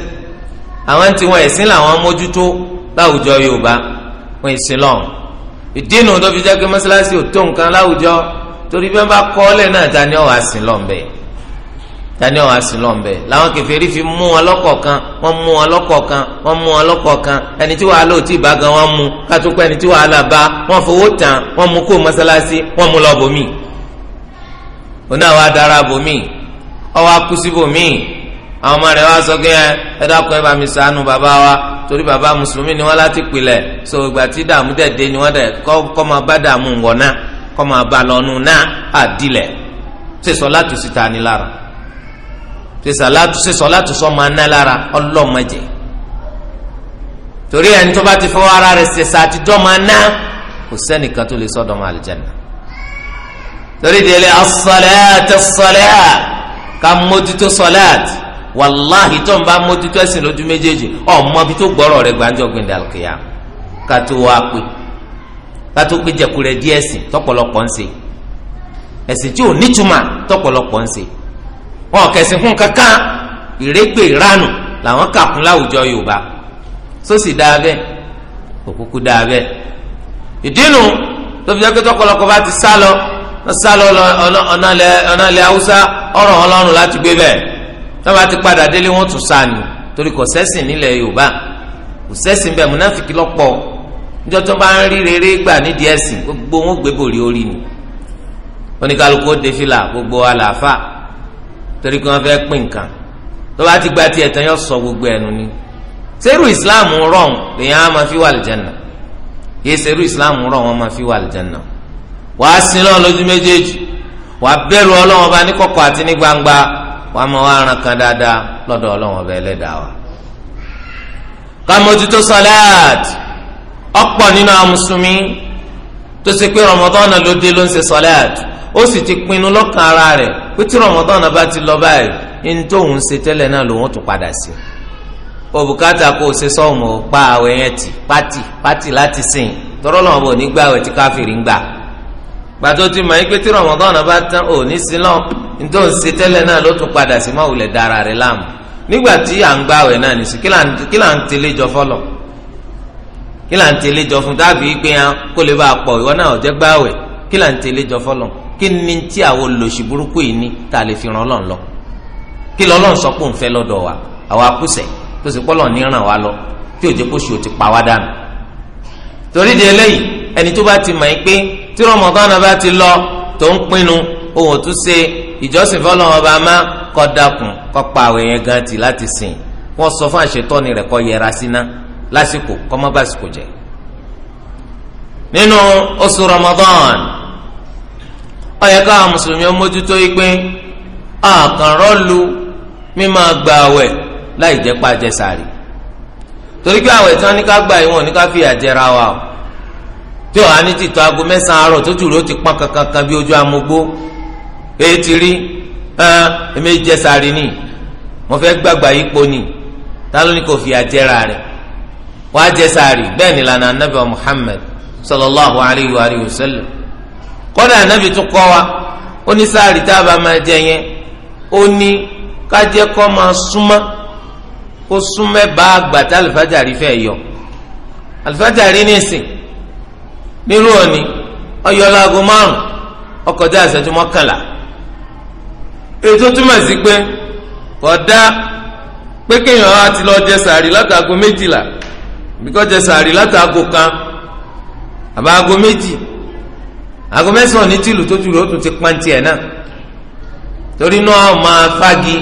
àwọn tí wọn ẹ̀sìn làwọn mójútó láwùjọ yorùbá wọn ẹ̀sìn lọ́hùn ìdínú tó fi jẹ́ pé mọ́sálásí ò tó nǹkan láwùjọ torí bẹ́ẹ̀ bá kọ́ ọ́lẹ̀ náà ta ni ọ̀ wá sí lọ́n bẹ́ẹ̀ ta ni ọ̀ wá sí lọ́n bẹ́ẹ̀ làwọn kèfèrí fi mú wọn lọ́kọ̀ọ̀kan wọ́n mú wọn lọ́kọ̀ọ̀kan wọ́n mú wọn lọ́kọ̀ọ̀kan ẹni tí wàhálà ò tí ì bá gan wọ́n mú kátópẹ́ ẹni tí wàhálà bá wọ́n fowó tán wọ́n mú kó mọ́sálásí wọ́n mú lọ bòmíì òun náà wàá ọwọ́ akú àwọn ọmọ rẹ wá sọ pé ẹ ẹ dákun ẹ bá mi ṣàánú bàbá wa torí bàbá mùsùlùmí ni wọn láti pilẹ̀ so ìgbà tí dààmú dẹdẹ ni wọn dẹ kọ kọ máa bá dààmú ńgọ náà kọ máa bá lọnu náà àdìlẹ sèso látò síta ni lára sèso látò sọmọ aná lára ọlọmọdé torí ẹni tó bá ti fọwọ́ ara rẹ̀ sèso àtijọ́ máa ná kò sẹ́nìkan tó lè sọ́dọ̀ ọmọ àlùjánnà torí délé asọ́lẹ́ẹ̀tì sọ́lẹ́ẹ̀ ká mójútó sọ́lẹ́ẹ̀tì wàláhì tó ń bá mójútó ẹ̀sìn lójú méjèèjì ọmọ bí tó gbọ́rọ̀ rẹ̀ gbàǹjọ́ gbìndà kìá ká tó wá pé ká tó pé jẹkulẹ̀ díẹ̀ ẹ̀sìn tọ́pọ̀lọpọ̀ ń ṣe ẹ̀sìn tí ò nítumà tọ́pọ̀lọpọ̀ ń ṣe wọn kẹ̀sìn fún kankan ìrégbè ìranù làwọn kà kún láwùjọ Yorùbá sósì dáa bẹ́ẹ̀ kò dáa bẹ́ẹ̀ ìdínú tó fi jẹ́ pé tọ́pọ̀lọpọ̀ bá ti sá lọ sá ọ̀nà ilẹ̀ Haúsá ọ̀rọ̀ ọlọ́run láti gbé bẹ́ẹ̀ tábà ti padà délé wọn tún sànù torí kò sẹ́sìn nílẹ̀ yorùbá kò sẹ́sìn bẹ́ẹ̀ múnáfìkì lọ́pọ̀ níjọ́ tó bá ń rí rere gbà nídìí ẹ̀sìn gbogbo wọn gbé bòrí orí ni oníkálukú ó de fìlà gbogbo àlàáfà torí kí wọn fẹ́ pín nǹkan tó ti gba tiẹ̀ tán yọ sọ gbogbo ẹnu ni sẹ́rù ìsìláàmù rọ̀n lèyàn á máa fi wà lìjànà yé sẹ́rù ìsìláàmù rọ̀n wọn máa fi wà lìjànà wàá sin lọ́n lójú méjèèjì wàá bẹ̀rù ọlọ́wọ́n bá ní kọ̀kọ̀ àti ní gbangba wàá mọ wàrán kan dáadáa lọ́dọ̀ Ọlọ́run ọbẹ Ẹlẹ́dàá wa. kàmójútó sọláàt ọ̀pọ̀ nínú àwọn mùsùlùmí tó ṣe pé Ramadan ló dé ló ń ṣe sọláàt ó pinnu lọ́kàn ara rẹ̀ pé tí Ramadan bá ti lọ báyìí ní tóun ṣe tẹ́lẹ̀ náà lòun tún padà sí i òbùkátà kò ṣe sọ́ọ̀mù pa àwẹ̀ yẹn pátì pátì láti sìn tọ́rọ́ lọ́wọ́ bò ní gbà gbàtó ti mọ̀ ẹ́ pé tí Ramadan bá tán ò ní sí náà nítorí òun ṣe tẹ́lẹ̀ náà ló tún padà sí máa wulẹ̀ dára rẹ̀ láàmú nígbà tí à ń gbàwẹ̀ náà nìsí kí là ń tẹ̀lé jọ fọlọ̀ kí là ń tẹ̀lé jọ fún tábì pé hàn kó lè bá a pọ̀ ìwọ náà ọ̀jẹ́ gbàwẹ̀ kí là ń tẹ̀lé jọ fọlọ̀ kí ni tí àwọn olóṣì burúkú yìí ní tá a lè fi ràn Ọlọ́run lọ kí lọ́lọ́run sọ pé òun fẹ́ lọ́dọ̀ wa àwa kùsẹ̀ tó sì pọ́lọ̀ ní ràn wá lọ tí òjò kóṣù ò ti pa wá dànù torí di eléyìí ẹni tó bá ti mọ̀ ẹ́ pé tí rọmọdán náà bá ti lọ tó ń pinnu òun tún ṣe ìjọsìn fọlọ́wọ́n bá má kọ́ dákun kọ́ pa àwọn èèyàn gan ti láti sìn wọ́n sọ fún àṣetọ́ni rẹ̀ kọ́ yẹra síná lásìkò kọ́ mọ́ básìkò jẹ́ nínú oṣù rọmọdán ó yẹ káwọn mùsùlùmí ó mójútó yìí pé àkànrọ́lu mímọ́ gba àwẹ̀ láì jẹ́ pàjẹsàrí torí pé àwẹ̀ tí wọ́n ní ká gbà yìí wọ́n ní ká fi àjẹra wa o tí ọ̀hán ní tìtọ́ aago mẹ́sàn-án àárọ̀ tó jùlọ ti pọ́n kankan bí ojú amugbó èyí ti rí èmi jẹ sààrì ni mo fẹ́ gbàgbà yípo ni ta ló kò fìyà jẹra rẹ̀ wọ́n á jẹ sààrì bẹ́ẹ̀ ni lànà anabi Muhammad sallallahu alayhi wa alihi wa sallam kọ́dà anabi tún kọ́ wa ó ní sààrì tá a bá máa jẹ yẹn ó ní kájẹ́ kọ́ máa súnmọ́ kó súnmẹ́ bá àgbàtà alifájàrí fẹ́ yọ alifájàrí ní ìsìn. miru òní ọyọ láago márùn ọkọjá ìṣẹ́jú mọ́kànlá ètò túmọ̀ sí pé kódà pé kéèyàn á ti lọ jẹ sàárì látàgò méjìlá bíkọ́ jẹ sàárì látàgò kan àbá aago méjì mẹ́sàn-án ní tìlù tó otu ó tún ti pàǹtí ẹ̀ náà torí náà máa fagi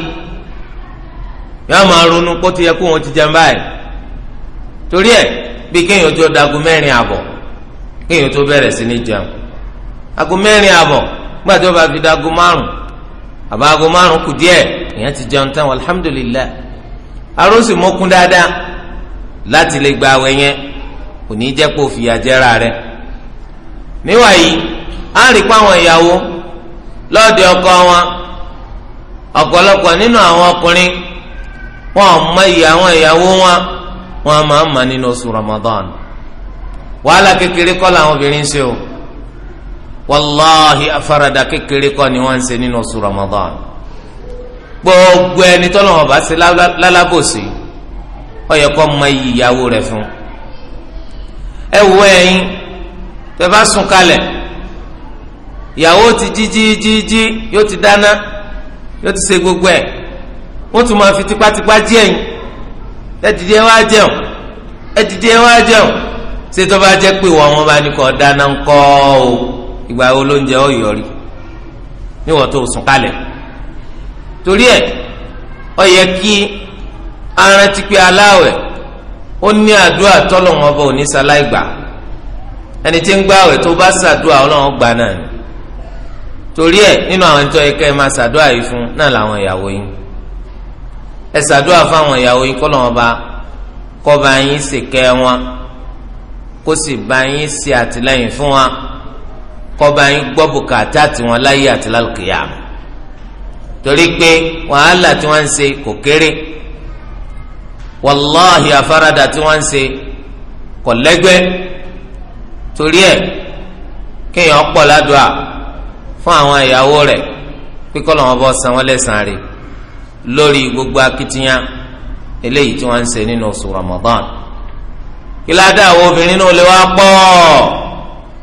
yóò máa ronú kó ti yẹ kó ti jẹun báyìí torí ẹ̀ kéèyàn jọ kéèyàn tó bẹ̀rẹ̀ sí ní jẹun aago mẹ́rin àbọ̀ gbàdúrà bá fi da aago márùn àbá aago márùn kù díẹ̀ èèyàn ti jẹun tán dáadáa láti lè gba àwẹ̀ yẹn kò ní jẹ́ kó fìyà jẹ́ra rẹ̀ níwáyé á rí pa ọkọ wọn ọ̀pọ̀lọpọ̀ nínú àwọn ọkùnrin wọn mọ ìyàwó Ramadan. wàhálà kékeré kọ́ làwọn obìnrin ṣe o wàláhi afárádà kékeré kọ́ ni wọ́n ń ṣe nínú oṣù Ramadan gbogbo ẹni tọ́lọ̀ wọn bá ṣe lálábòsí ó yẹ mọ iyì ìyàwó rẹ̀ fún ẹ tẹ bá ti jí yóò ti dáná yóò ti ṣe gbogbo ẹ̀ wọ́n tún máa fi tipátipá jí ẹ̀yìn ẹ dìde wá jẹun ẹ dìde ṣé tó bá jẹ́ pé wọn wọn bá ní kọ́ dáná ńkọ́ o ìgbà wo ló ń jẹ ọ̀yọ́ rí níwọ̀n tó sùn kalẹ̀ torí ẹ̀ ó yẹ kí arántí pé aláwẹ̀ ó ní àdúrà tọ́lọ́wọ́n ọba òní sáláì ẹni tí ń gbà àwẹ̀ tó bá ṣàdúrà ọlọ́wọ́n gbà náà ni torí ẹ̀ nínú àwọn ẹ̀tọ́ ẹ̀ka ẹ̀ máa ṣàdúrà yìí fún náà làwọn ìyàwó yín ẹ̀ ṣàdúrà fún ìyàwó yín kọ́lọ́wọ́n ọba kọ́ba yín ṣèkẹ́ wọn kó sì bá yín ṣe àtìlẹ́yìn fún wa kó bá yín gbọ́ bùkátà tiwọn láyé àti lálùkìyà torí pé wàhálà tí wọ́n ń ṣe kò kéré wàláhì àfaradà tí wọ́n ń ṣe kò lẹ́gbẹ́ torí ẹ̀ kéèyàn pọ̀ ládùá fún àwọn ìyàwó rẹ̀ pé kọ́ lọ́wọ́ bọ́ san lẹ́sàn-án rẹ̀ lórí gbogbo akitiyan eléyìí tí wọ́n ń ṣe nínú oṣù Ramadan. No ìlàdá àwọn obìnrin náà lè wá pọ̀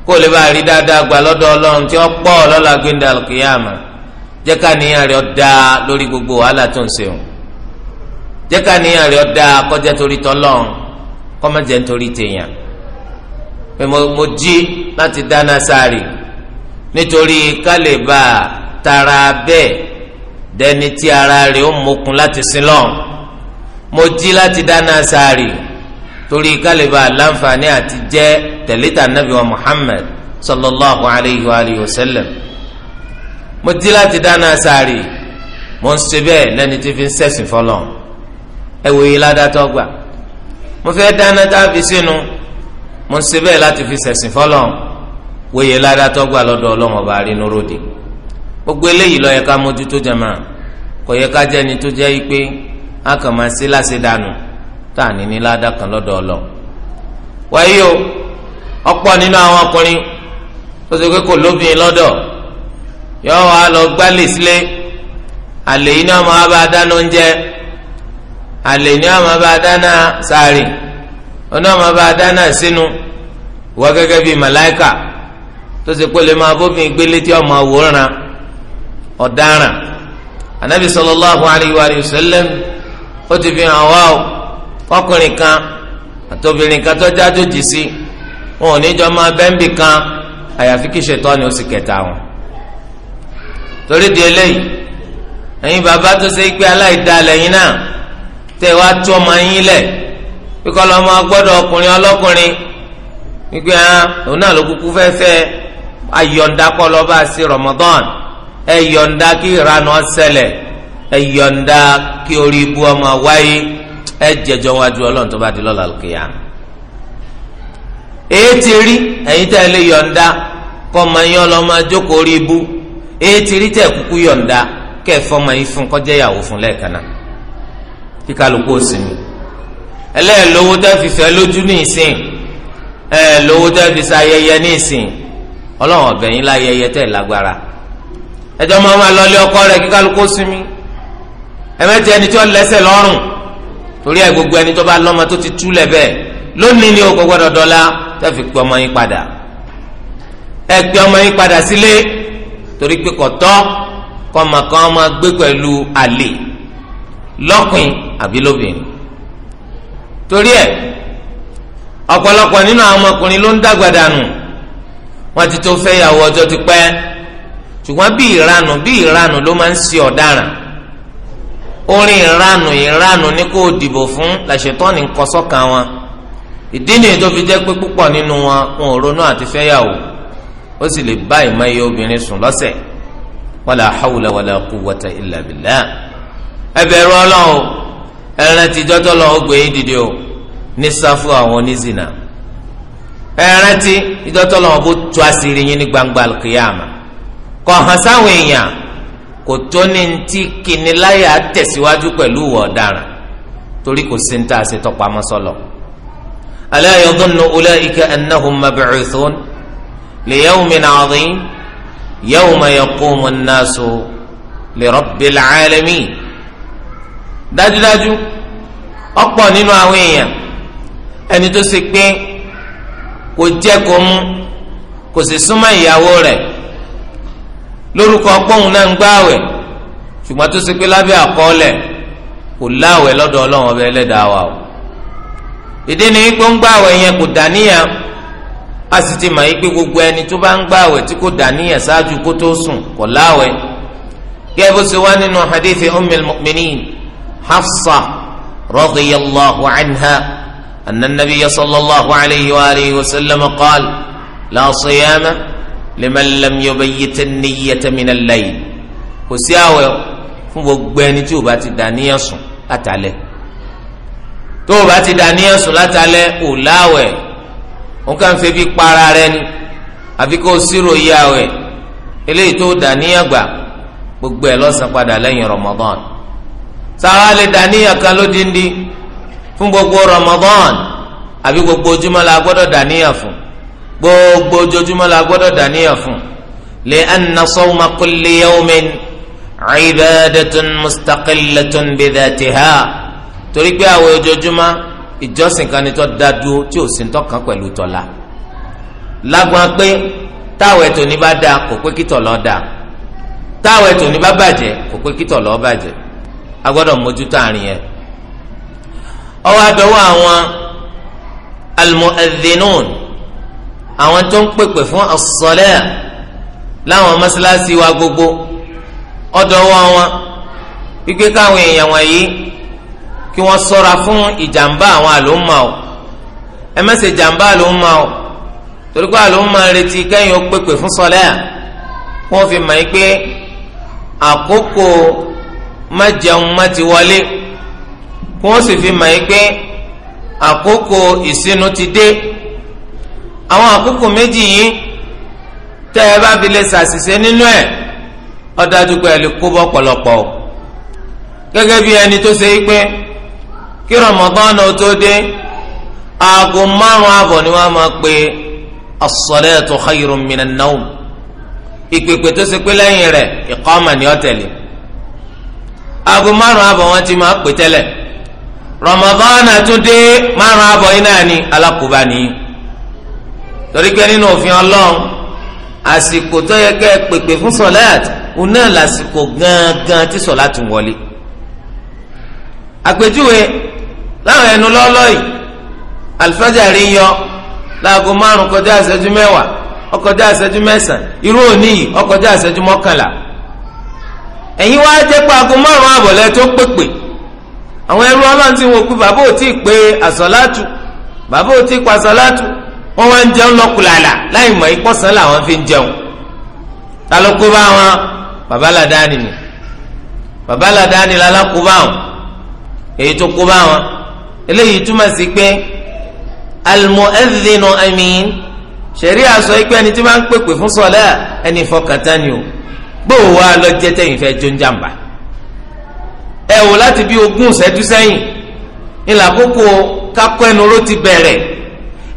kó lè bá rí dáadáa gbà lọ́dọ̀ ọlọ́run tí ó pọ̀ lọ́la gbẹ̀ndà kìyàmà jẹ́ ká níyàn rẹ̀ ọ̀dà lórí gbogbo wàhálà tó ń ṣeun jẹ́ ká níyàn rẹ̀ ọ̀dà kọjá torí tọ́lọ́run kọ́mọ́jẹ́ nítorí tèèyàn pé mo jí láti dáná sáré nítorí ká lè bá tara bẹ́ẹ̀ dẹni tí ara rẹ̀ ó mokun láti sin mo jí láti dáná sáré torí kálíbà láǹfààní àti jẹ́ tẹ̀lítà nàbí wa Muhammad sallallahu alayhi wa alihi wa sallam mo jí láti dáná sáré mo ń ṣe bẹ́ẹ̀ lẹ́ni tí fi ń sẹ̀sìn fọlọ́ ẹ wò yí ládàtọ́ gbà mo fẹ́ dáná tábì sínú mo ń ṣe bẹ́ẹ̀ láti fi sẹ̀sìn fọlọ́ wò yí ládàtọ́ gbà lọ́dọ̀ ọlọ́mọ rí inú ròde gbogbo eléyìí ló yẹ ká mójútó jàmá kò yẹ ká jẹ́ ẹni tó jẹ́ yí a kàn máa ṣe láṣẹ dànù. tá à ní ní ládà kan lọ́dọ̀ ọlọ. wáyé o ọ̀pọ̀ nínú àwọn ọkùnrin tó ṣe pé kò lóbìnrin lọ́dọ̀ yọ wá lọ gbálẹ̀ sílé àlè yìí náà máa bá dáná oúnjẹ àlè ní àwọn bá dáná sáré oní àwọn bá dáná sínú wọ gẹ́gẹ́ bíi màláìkà tó ṣe pé lè máa bófin gbélé tí ọmọ àwòrán ọ̀daràn anabi wa ó ti fi hàn o. ọkùnrin kan àtòbìnrin kan tó jájòjì sí wọn ò ní kan àyàfi kí ṣètọ́ ni ó sì kẹta wọn. torí di eléyìí ẹ̀yin bàbá tó ṣe pé aláìda lẹ́yìn náà tẹ̀ wá tó ọmọ yín lẹ̀ gbọ́dọ̀ ọkùnrin ọlọ́kùnrin wípé ah, òun náà ló kúkú fẹ́ fẹ́ ayọ̀ǹda kọ́ wáyé. ẹ jẹjọ wájú ọlọ́run tó di lọ́la kìyàm ya rí ẹ̀yin lé ma yín rí ibú ètí rí tẹ́ kúkú yọ̀ǹda kẹ́ fọ́mọ yín fún kọjá ìyàwó fún lẹ́ẹ̀kan kí kálukú ó sinmi ẹlẹ́ẹ̀lówó tẹ́ fi fẹ́ lójú ní ìsìn fi sa ayẹyẹ ní ìsìn lágbára ẹjọ́ máa ma ọkọ kí kálukú torí ẹ gbogbo ẹni tó bá lọ́mọ tó ti túlẹ̀ bẹ́ẹ̀ lónìí ni o kò gbọ́dọ̀ dọ́là tó fi pe ọmọ yín padà ẹ pe ọmọ yín padà sílé torí pé kọ̀tọ́ kọ́mọ kan máa gbé pẹ̀lú àlè lọ́kùnrin àbí lóbìnrin torí ẹ ọ̀pọ̀lọpọ̀ nínú àwọn ọmọkùnrin ló ń dàgbà dànù wọ́n ti tó fẹ́ yàwó ọjọ́ ti pẹ́ ṣùgbọ́n bí ìranù bí ìranù ló máa ń ṣe ọ̀daràn orin ìranù ìranù ní kò dìbò fún làṣetọ́ni kọsọ́ka wọn ìdí ni tó fi jẹ́ pé púpọ̀ nínú wọn wọn ò ronú àti fẹ́yàwó ó sì lè bá iye obìnrin sùn lọ́sẹ̀ wala hawla wala ẹran lọ dìde o ní sáfù àwọn onízìnà ẹran lọ bó tu àṣírí yín ní gbangba kò tó ní ti kìnnìláyà tẹ̀síwájú pẹ̀lú ìwà ọ̀daràn torí kò sí ní ta ṣe tọpamọ́ sọlọ. ala yadhunnu ulaika annahum mab'uthun li yawmin 'adhim yawma yaqumu an-nasu li rabbil 'alamin. dájúdájú ọ̀pọ̀ nínú àwọn èèyàn ẹni tó ṣe pé kò jẹ́ kó mú kò sì súnmọ́ ìyàwó rẹ̀ lórúkọ ọgbọ́n náà ń gbààwẹ̀ ṣùgbọ́n tó ṣe pé lábẹ́ àkọọ́lẹ̀ kò láwẹ̀ lọ́dọ̀ ọlọ́run ọba ẹlẹ́dàá wa o ìdí ni pé ń gbààwẹ̀ yẹn kò dàníyàn a sì ti mọ̀ yí pé gbogbo ẹni tó bá ń gbààwẹ̀ tí kò dàníyàn ṣáájú kó tó sùn kò láwẹ̀ kí ẹ bó ṣe wá nínú hadithi ummul mu'minin hafsa radiyallahu anha anna sallallahu alayhi wa sallam qaal la liman lam yubayyit an-niyyata min al-layl kò sí àwẹ̀ fún gbogbo ẹni tí o bá ti dá níyàn sùn látàlẹ́ tó o bá ti dá níyàn sùn látàlẹ́ ò láwẹ̀ òun kàn fẹ́ bí para rẹ ni àfi kó o sírò yí àwẹ̀ eléyìí tó dá níyàn gbà gbogbo ẹ̀ lọ́sàn padà lẹ́yìn Ramadan sáà lè dá níyàn kan lódindi fún gbogbo Ramadan àbí gbogbo ojúmọ́ la gbọ́dọ̀ dá níyàn fún gbogbo ojoojúmọ́ la gbọ́dọ̀ dàníyàn fún lè anna sawma kulli yawmin ibadatun mustaqillatun bidhatiha torí pé àwọn ojoojúmọ́ ìjọsìn kan ni tó da dúró tí ò sí tọkàn pẹ̀lú tọ́la lágbọn pé táwọn ẹ̀tọ́ ní bá da kò pé kítọ̀ lọ́ọ́ da táwọn ẹ̀tọ́ ní bá bàjẹ́ kò pé kítọ̀ lọ́ọ́ bàjẹ́ a gbọ́dọ̀ mójútó àárín yẹn ọwọ́ àdọ́wọ́ àwọn almu'adhinun àwọn tó ń pèpè fún as-salat láwọn mọ́sálásí wa gbogbo ọ̀dọ́wọ́ wọn wípé káwọn èèyàn wọ̀nyí kí wọ́n sọ́ra fún ìjàmbá àwọn àlòmọ́ o ẹ má ṣe jàmbá àlòmọ́ o torí pé àlòmọ́ retí kẹ́yìn ó pèpè fún salat kí wọ́n fi mọ̀ yín pé àkókò má má ti wọlé kí wọ́n sì fi mọ̀ yín pé àkókò ìsinu ti dé. àwọn àkókò méjì yìí tẹ́ ẹ bá fi lè ṣàṣìṣe nínú ẹ̀ ó pé ẹ lè kó bọ́ pọ̀lọpọ̀ o gẹ́gẹ́ bí ẹni tó ṣe pé kí Ramadan tó dé aago márùn-ún ni wọ́n máa pe as-salatu khayrun minan nawm ìpèpè tó ṣe pé lẹ́yìn rẹ̀ ìkọ́mà ni ó tẹ̀lé aago márùn wọn ti máa pè Ramadan márùn yìí náà ni nìyí torí pé nínú òfin ọlọ́run àsìkò tó yẹ kẹ́ ẹ pèpè fún sọ̀láàtì òun náà lásìkò gangan tí sọ̀láàtì ń wọlé àpèjúwe láwọn ẹnu lọ́lọ́ yìí alifájàrí yọ láago márùn kọjá ìṣẹ́jú mẹ́wàá ó kọjá ìṣẹ́jú mẹ́sàn-án irú òní yìí ó kọjá mọ́kànlá ẹ̀yin wá jẹ́ pé aago márùn àbọ̀lẹ́ tó pèpè àwọn ẹrú ọlọ́run ti wò pé bàbá ò tí ì pé àsọ̀láàtù bàbá ò tí ì pa àsọ̀láàtù wọ́n wá ń jẹun lọ́kùlàlà láì mọ̀ ìpọ́sán làwọn fi ń jẹun ta ló kó bá wọn bàbá làdáni ni bàbá làdáni la lákó bá wọn èyí tó kó bá wọn eléyìí túmọ̀ sí pé almu'adhdhinu amin sẹ̀rí àṣọ ikú ẹni tí wọ́n ń pèpè fún sọ̀lẹ́ ẹni fọkàntán ni o gbóò wá lọ jẹ́ tẹ̀yìn fẹ́ jó ń jàǹbá ẹ wò láti bí ogún ìṣẹ́jú sẹ́yìn ìlà ẹnu ló ti bẹ̀rẹ̀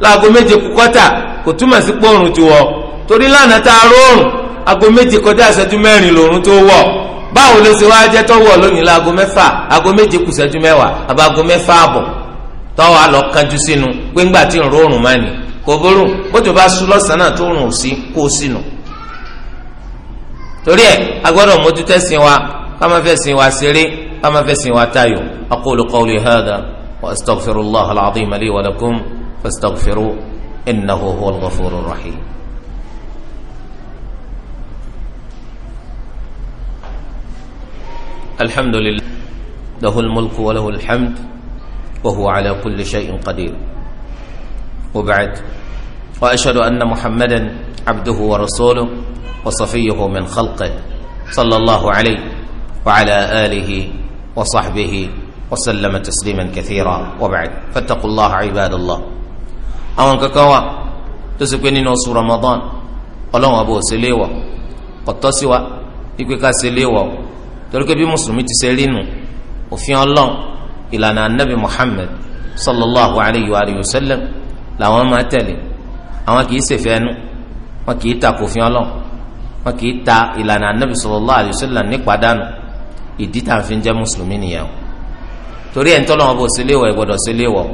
láago méje kù kọ́tà kò túmọ̀ sí pọ́ọ̀rùn ti wọ̀ torí lánàá tá a róòrùn aago méje kọjá ìṣẹ́jú mẹ́rin lòrùn tó wọ̀ báwo ló ṣe wá jẹ́ tọ́wọ́ lónìí láago mẹ́fà aago méje kù ìṣẹ́jú mẹ́wàá àbáago mẹ́fà àbọ̀ tọ́wọ́ àlọ́ kanjú sínú pé ńgbà tí ń róòrùn má ni kò burú bójú bá sùn lọ́sàn-án tó rùn sí kó sínú. torí ẹ agbọ́dọ̀ mójútẹ́ sin wa ká fẹ́ sin wa ṣeré ká fẹ́ sin wa tayò aqulu qawli hadha wa astaghfirullaha al-azim li wa lakum. فاستغفروا إنه هو الغفور الرحيم الحمد لله له الملك وله الحمد وهو على كل شيء قدير وبعد وأشهد أن محمدا عبده ورسوله وصفيه من خلقه صلى الله عليه وعلى آله وصحبه وسلم تسليما كثيرا وبعد فاتقوا الله عباد الله àwọn kankan wà tó ṣe pé nínú oṣù Ramadan ọlọ́wọ́n bò ṣe léèwọ̀ kọ̀tọ́ sí wa ipe ká ṣe léèwọ̀ torí pé bí mùsùlùmí ti ṣe rí nù òfin ọlọ́n ìlànà anabi Muhammad sallallahu alayhi wa alihi wa sallam làwọn máa tẹ̀lé àwọn kì í ṣèfẹ́ nu wọn kì í ta kòfin ọlọ́n wọn kì í ta ìlànà anabi sallallahu alayhi wa sallam nípa ìdí tá jẹ́ mùsùlùmí nìyẹn o torí ẹ̀ ń tọ́lọ́wọ́n bò ṣe léèwọ̀ ìgbọ́dọ̀ ṣe léèwọ̀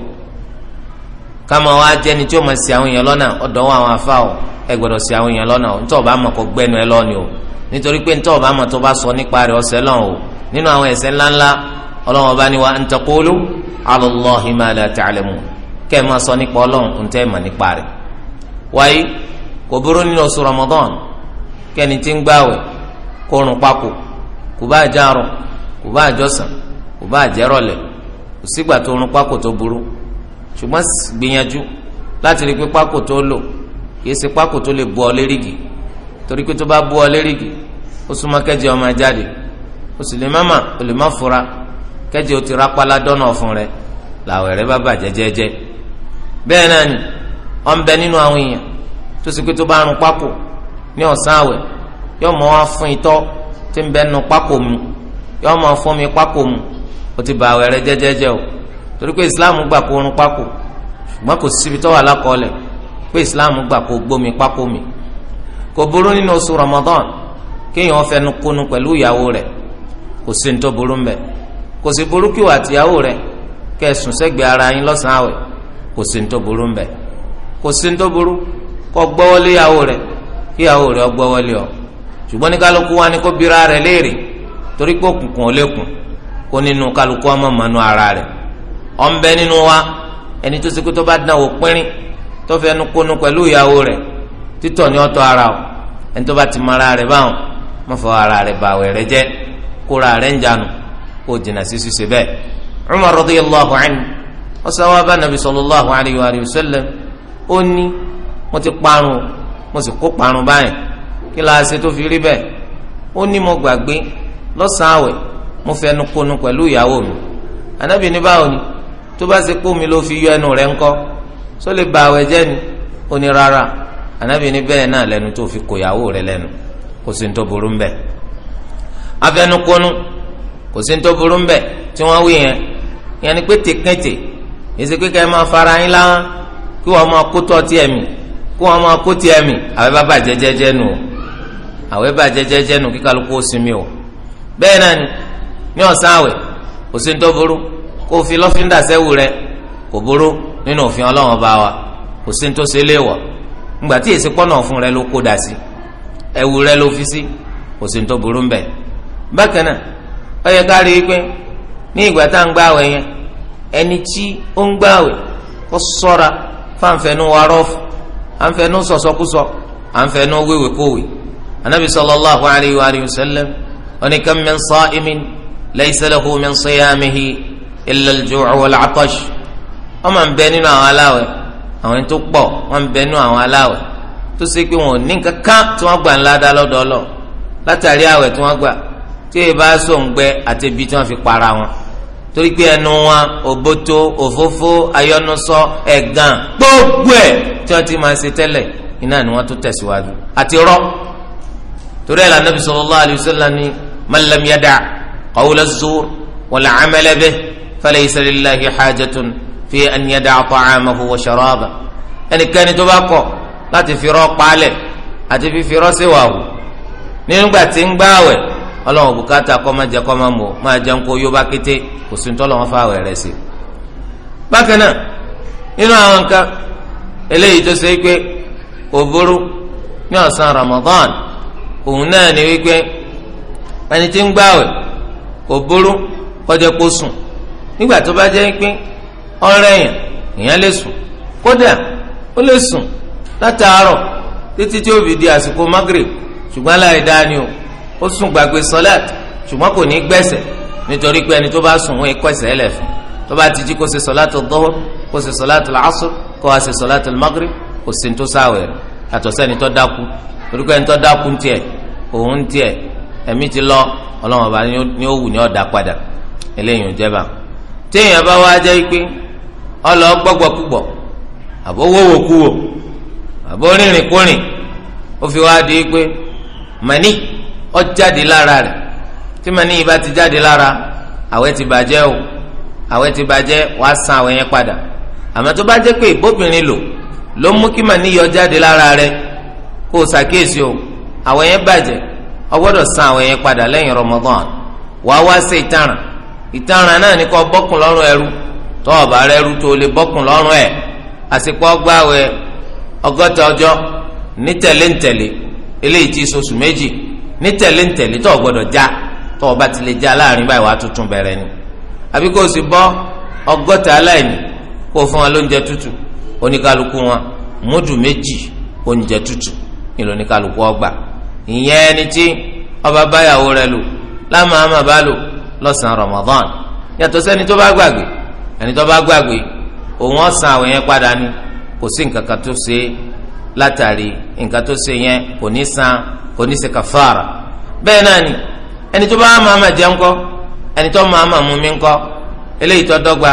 kama wa jẹni tí o ma si àwọn èèyàn lọ́nà ọ̀dọ̀ wọn àwọn afa o ẹ gbọ́dọ̀ ṣì àwọn èèyàn lọ́nà ọba ama kọ gbẹnu ẹ lọ́ni o nítorí pé ntọ́ ọba ama tó bá sọ nípa lọ́n o nínú àwọn ńláńlá wa ma kẹ́ ẹ máa sọ nípa ọlọ́run ntẹ́ ẹ mà nípa rẹ̀ wáyé kò burú nínú oṣù Ramadan kẹ́ni tí ń kórun kò bá ṣùgbọ́n gbìyànjú láti rí pé pákó tó lò kìí ṣe pákó tó lè bu ọ lérìgì torí pé tó bá bu ọ lérìgì ó súnmọ́ kẹ́jẹ ọmọ jáde ó sì lè má mà ó lè má fura kẹ́jẹ ó ti rápálá dọ́nà ọ̀fun rẹ làwẹ̀ rẹ bá bàjẹ́ jẹ́jẹ́ bẹ́ẹ̀ náà ni wọ́n ń bẹ nínú àwọn èèyàn tó sì pé tó bá rún pákó ní ọ̀sán àwẹ̀ yóò mọ wá fún itọ́ tí ń bẹ nínú pákó mu yóò mọ fún mi pákó mu ó ti bàwẹ̀ rẹ jẹ́jẹ́jẹ́ o torí pé islam gbà kó orun pákó ṣùgbọ́n kò síbi tó wà lákọọ́lẹ̀ pé islam gbà kó gbómi pákó mi kò burú nínú oṣù ramadan kéèyàn fẹnu kunu pẹ̀lú ìyàwó rẹ̀ kò sí ní tó burú mbẹ̀ kò sí burú kí wà tìyàwó rẹ̀ kẹsùn sẹ́gbẹ̀ẹ́ ara yín lọ́sàn-án àwẹ̀ kò sí ní tó burú mbẹ̀ kò sí ní tó burú kọ́ gbọ́wọ́lé ìyàwó rẹ̀ kí ìyàwó rẹ̀ gbọ́wọ́lé ọ ṣùgbọ́n ní kálukú wa ni kó bira rẹ̀ léèrè torí pé òkùnkùn ò lékùn kó nínú kálukú ọmọ mọ́nú ara rẹ̀ ọ̀nbẹ nínú wa ẹni tó sekú tó bá dán wò pínrín tó fẹ́ nu kunu pẹ̀lú ìyàwó rẹ̀ títọ̀ ní ọ̀tọ̀ ara o ẹni tó bá ti mara rẹ̀ báwọn má fọ ara rẹ̀ bàwẹ̀ rẹ̀ jẹ́ kóra rẹ̀ ń jànú kó jìnnà sí ṣiṣẹ́ bẹ́ẹ̀. Umar radiyallahu anhu ó sáwá bá nàbí sallallahu alayhi wa sallam ó ní mo ti parun mo sì kó parun báyìí kí la ṣe tó fi rí bẹ́ẹ̀ ó ní mo gbàgbé lọ́sàn-án àwẹ̀ mo fẹ́ nu kunu pẹ̀lú ìyàwó mi ànábì ní báwo ni tó bá ṣe pómi ló fi yọ ẹnu rẹ̀ ńkọ́ só lè ba àwẹ̀ jẹ́ ni ó ní rárá ànábì ní bẹ́ẹ̀ náà lẹ́nu tó fi kó ìyàwó rẹ̀ lẹ́nu kò sí ní tó burú ń bẹ̀ afẹnukunu kò sí ní tó burú ń bẹ̀ tí wọ́n wí yẹn yẹn ni pé tèkéte èsì pé kẹ́ẹ́ máa fara yín láwọn kí wọ́n máa kó tọ́ tiẹ̀ mi kí wọ́n máa kó tiẹ̀ mi àwẹ̀ bá bàjẹ́ jẹ́jẹ́ nù àwẹ̀ bàjẹ́ jẹ́jẹ́ nù kí kálukú ó sinmi o bẹ́ẹ̀ náà ni ní ọ̀sán àwẹ̀ kò sí ní tó burú kó o fi lọ́fíńdà sẹ́wù rẹ kò burú nínú òfin ọlọ́run bá wa kò sí ní tó ṣe léèwọ̀ ńgbà tí èsì pọ́nà fún rẹ ló kó dà sí ẹ̀wù rẹ ló fi sí kò sí ní tó burú ńbẹ. bákan náà ó yẹ ká rí i pé ní ìgbà tá à ń gbààwẹ̀ yẹn ẹni tí ó ń sọ́ra illa al-ju'u wal-'atash wọ́n máa ń bẹ nínú àwọn aláwẹ̀ àwọn ẹni tó pọ̀ wọ́n ń bẹ nínú àwọn aláwẹ̀ tó ṣe pé wọn ò ní kankan tí wọ́n gbà ńlá dá lọ́dọ̀ ọlọ́ látàrí àwẹ̀ tí wọ́n gbà tí èyí bá sọ̀ ń gbẹ àti ibi tí wọ́n fi para wọn torí pé ẹnu wọn òbótó òfófó ayọ́nusọ ẹ̀gàn gbogbo ẹ̀ tí wọ́n ti máa ṣe tẹ́lẹ̀ iná ni wọ́n tún tẹ̀síwájú àti rọ́ torí ẹ̀ lànà Nabi sallallahu alaihi wasallam ni man lam falaysa lillahi hajatun fi an yada'a ta'amahu wa sharaba ẹnikẹ́ni tó bá kọ̀ láti fi irọ́ paálẹ̀ àti fífi irọ́ sí wàhù nígbà tí ń gbààwẹ̀ ọlọ́run bùkátà kọ́ máa jẹ kọ́ máa mọ̀ máa jẹun kó yóò bá kété kò sí tọ́lọ́ wọn fáwẹ̀ rẹ̀ sí. bákan náà nínú àwọn nǹkan eléyìí tó ṣe é pé kò ní ọ̀sán Ramadan òun náà ni wípé ẹni tí ń gbààwẹ̀ kò burú kọjá kó sùn nígbà tó bá jẹ́ pé ọ̀rẹ́ yẹn èèyàn lè sùn kódà ó lè sùn látàárọ̀ títí tí ó fi di àsìkò magrib ṣùgbọ́n láì dá ni o ó sùn gbàgbé sọláàtì ṣùgbọ́n kò ní gbẹ̀sẹ̀ nítorí pé ẹni tó bá sùn wọn kọ ẹsẹ̀ ẹlẹ̀ fún tó bá ti jí kó ṣe sọláàtì dọ́hùr kó ṣe sọláàtì asr kó wá ṣe sọláàtì magrib kò sí ní tó sáwẹ̀ rẹ̀ àtọ̀ sẹ́ni tó dákú torí pé ẹni tó dákú ń tiẹ̀ òun ń tiẹ̀ ẹ̀mí ti lọ ọlọ́wọ́n bá ó wù ní ọ̀dà padà eléyìí ò téèyàn bá wá jẹ́ pé ọlọ gbọ́gbọ́kúgbọ̀ àbọ̀ wọ́wọ́kúwò àbọ̀ rìnrìnkúrìn ó fi wá di pé mani ó jáde lára rẹ̀ tí mani yìí bá ti jáde lára àwẹ̀ ti bàjẹ́ o àwẹ̀ ti bàjẹ́ wàá san àwẹ̀ yẹn padà àmọ́ tó bá jẹ́ pé ìbóbìnrin lò ló mú kí mani yọ jáde lára rẹ̀ kó o ṣàkíyèsí o àwẹ̀ yẹn bàjẹ́ o gbọ́dọ̀ san àwẹ̀ yẹn padà lẹ́yìn Ramadan wàá wá ṣe ìtaràn ìtanràn náà ni kò bọ́kùn lọ́rùn ẹrú tó o bá rẹ́rú tó o lè bọ́kùn lọ́rùn ẹ̀ àsìkò ọgbàwẹ̀ ọgọ́ta ọjọ́ ní tẹ̀léǹtẹ̀lé eléyìí ti sọ̀sù méjì ní tẹ̀léǹtẹ̀lé tó o gbọ́dọ̀ já tó o ti lè já láàrin báyìí wàá tuntun bẹ̀rẹ̀ ni àbí kò sì bọ́ ọgọ́ta aláìní kó o fún wọn lóúnjẹ tútù oníkálukú wọn múdù méjì oúnjẹ tútù nílò oníkálukú ọgbà ìyẹn ẹni tí ọba báyàwó rẹ̀ lò lámàmà bá lò lọ́sàn-án Ramadan yàtọ̀ sẹ́ni tó bá gbàgbé ẹni tó bá gbàgbé òun ọ̀sán àwọn yẹn padà ni kò sí nǹkan kan tó ṣe látàrí nǹkan tó ṣe yẹn kò ní san kò ní ṣe kàfàrà bẹ́ẹ̀ náà ni ẹni tó bá máa ma jẹun kọ́ ẹni tó máa mú mi kọ́ eléyìí tó dọ́gba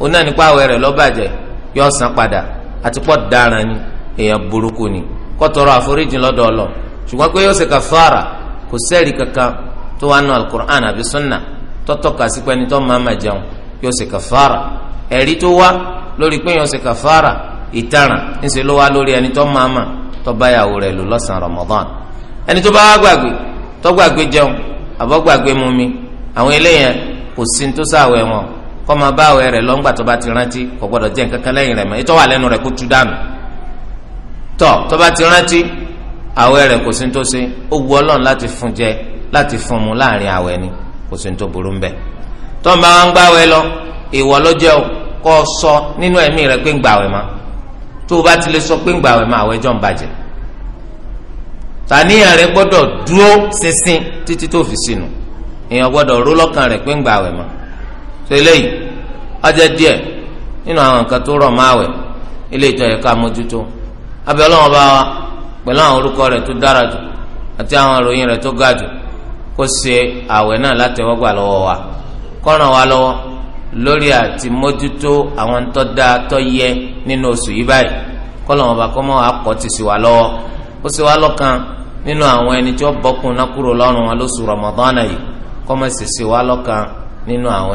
òun náà nípa àwẹ̀ rẹ̀ ló bàjẹ́ san padà àti pọ̀ dára ni èèyàn burúkú ni kó tọrọ àforíjì lọ́dọ̀ Ọlọ́run ṣùgbọ́n pé yóò ṣe kàfàrà kò sẹ́ẹ̀rì kankan tó wà nù alukur'an àbí sunna tọ́tọ́ka sí pé ẹni tó máa ma jẹun yóò ṣe kàfàrà ẹ̀rí tó wá lórí pé yóò ṣe kàfàrà ìtaràn ńṣe ló wá lórí ẹni tó máa ma tó bá yàwó lò lọ́sàn-án Ramadan ẹni tó bá wá gbàgbé tó gbàgbé jẹun àbọ̀ gbàgbé mu mi àwọn eléyẹn kò sí ní tó sáwẹ̀ wọn kọ́ máa bá àwẹ̀ rẹ̀ lọ́ngbà tó bá ti rántí kò gbọ́dọ̀ jẹ́ nǹkan kan lẹ́yìn rẹ̀ mọ́ ètò wà lẹ́nu rẹ̀ kó tú dànù tọ́ tó bá ti rántí àwẹ̀ rẹ̀ kò sí ní tó ṣe ó wu Ọlọ́run láti fún jẹ láti fún mu láàrin àwẹ̀ ni kò sí ní tó burú mbẹ tó bá wọn gbàwẹ̀ lọ ìwọ ló jẹ kó sọ nínú ẹ̀mí rẹ pé ma tó o bá ti lè sọ pé ń ma àwẹ̀ jọ ń bàjẹ́ tàníyàn rẹ gbọ́dọ̀ dúró títí tó fi sínú èèyàn gbọ́dọ̀ ró lọ́kàn rẹ pé ń ma tó eléyìí ọjọ́ díẹ̀ nínú àwọn nǹkan tó rọ̀ máa wẹ̀ ilé ìtọ́ mójútó abẹ́ ọlọ́wọ́n bá wa pẹ̀lú àwọn orúkọ rẹ̀ tó dára jù àti àwọn ìròyìn rẹ̀ kó se àwẹ̀ náà látẹ̀wọ́gbà lọ́wọ́ wa kọ́ràn wa lọ́wọ́ lórí àti mójútó àwọn tó dáa tó yẹ nínú oṣù yìí báyìí kọ́lọ̀ wọn ti sì wá lọ́wọ́ ó lọ́kàn nínú àwọn ẹni tí wọ́n bọ́kùn náà kúrò lọ́rùn wọn lóṣù Ramadan yìí kọ́ sì lọ́kàn nínú àwọn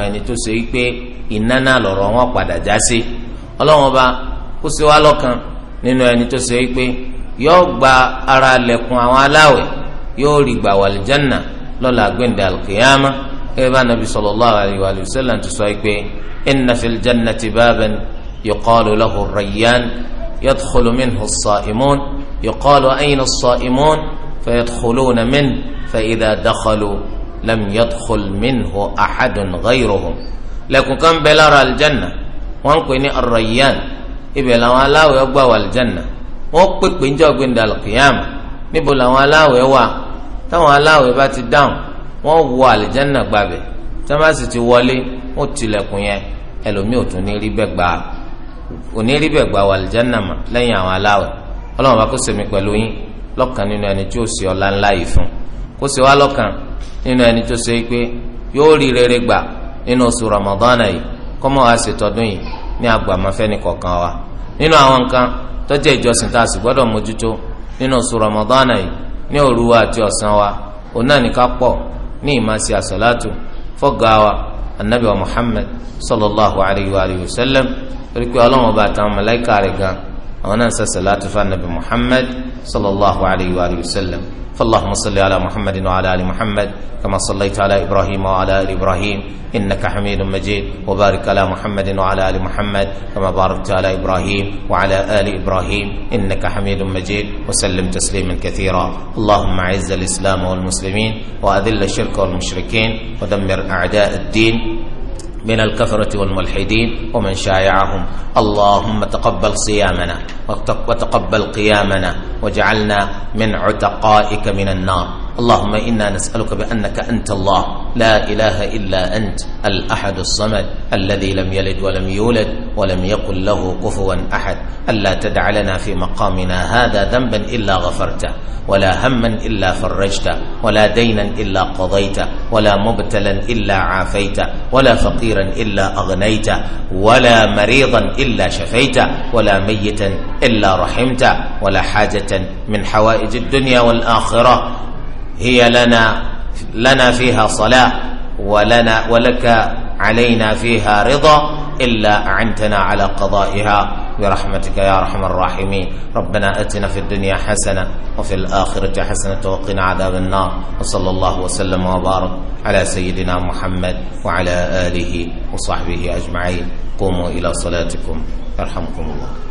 lọ́la gbẹ̀ndẹ̀ alkiyama ẹ bá nàbí sallallahu alayhi wa sallam ti sọ pé inna fil jannati baban yuqalu lahu rayyan yadkhulu minhu as-sa'imun yuqalu ayna as-sa'imun fayadkhuluna minhu fa idha dakhalu lam yadkhul minhu ahadun ghayruhum lẹ́kùn kan bẹ lára aljanna wọ́n ń ní arayyan ibẹ̀ làwọn aláwẹ̀ gbà wà aljanna wọ́n pèpè ń jọ́ gbẹ̀ndẹ̀ alkiyama níbo làwọn aláwẹ̀ wà táwọn aláwẹ̀ bá ti dáhùn wọ́n wọ àlìjánà gbàbẹ̀ tí wọ́n bá sì ti wọlé wọ́n tilẹ̀kùn yẹn ẹlòmíì ò tún ní rí bẹ́ẹ̀ gbà òní rí bẹ́ẹ̀ gbà wọ àlìjánà mà lẹ́yìn àwọn aláwẹ̀ ọlọ́run bá kó sèmi pẹ̀lú yín lọ́kàn nínú ẹni tí ó sì ọlá ńlá yìí fún kó sì wá lọ́kàn nínú ẹni tó ṣe pé yóò rí rere gbà nínú oṣù Ramadana yìí kọ́mọ́ wa ṣètọ́dún yìí ní agbàmọ́fẹ́ni kọ̀ọ̀kan wa nínú àwọn nǹkan tó ìjọsìn tá a sì gbọ́dọ̀ mójútó nínú oṣù Ramadana yìí ní òru wa àti ọ̀sán wa òun náà nìkan pọ̀ ní ìmásí àsọ̀látù fọ́gà wa anabi wa muhammed sallallahu alayhi wa sallam torí ọlọ́run ọba àtàwọn mọ̀láìkà rẹ̀ gan-an ونسى صلاة ṣe salatu صلى الله عليه وآله وسلم فاللهم صل على محمد وعلى ال محمد كما صليت على ابراهيم وعلى ال ابراهيم انك حميد مجيد وبارك على محمد وعلى ال محمد كما باركت على ابراهيم وعلى ال ابراهيم انك حميد مجيد وسلم تسليما كثيرا اللهم اعز الاسلام والمسلمين واذل الشرك والمشركين ودمر اعداء الدين من الكفرة والملحدين ومن شايعهم اللهم تقبل صيامنا وتقبل قيامنا واجعلنا من عتقائك من النار اللهم إنا نسألك بأنك أنت الله لا إله إلا أنت الأحد الصمد الذي لم يلد ولم يولد ولم يقل له كفوا أحد ألا تدع لنا في مقامنا هذا ذنبا إلا غفرته ولا هما إلا فرجته ولا دينا إلا قضيته ولا مبتلا إلا عافيته ولا فقيرا إلا أغنيته ولا مريضا إلا شفيته ولا ميتا إلا رحمته ولا حاجة من حوائج الدنيا والآخرة هي لنا لنا فيها صلاة ولنا ولك علينا فيها رضا إلا أعنتنا على قضائها برحمتك يا أرحم الراحمين ربنا أتنا في الدنيا حسنة وفي الآخرة حسنة وقنا عذاب النار وصلى الله وسلم وبارك على سيدنا محمد وعلى آله وصحبه أجمعين قوموا إلى صلاتكم يرحمكم الله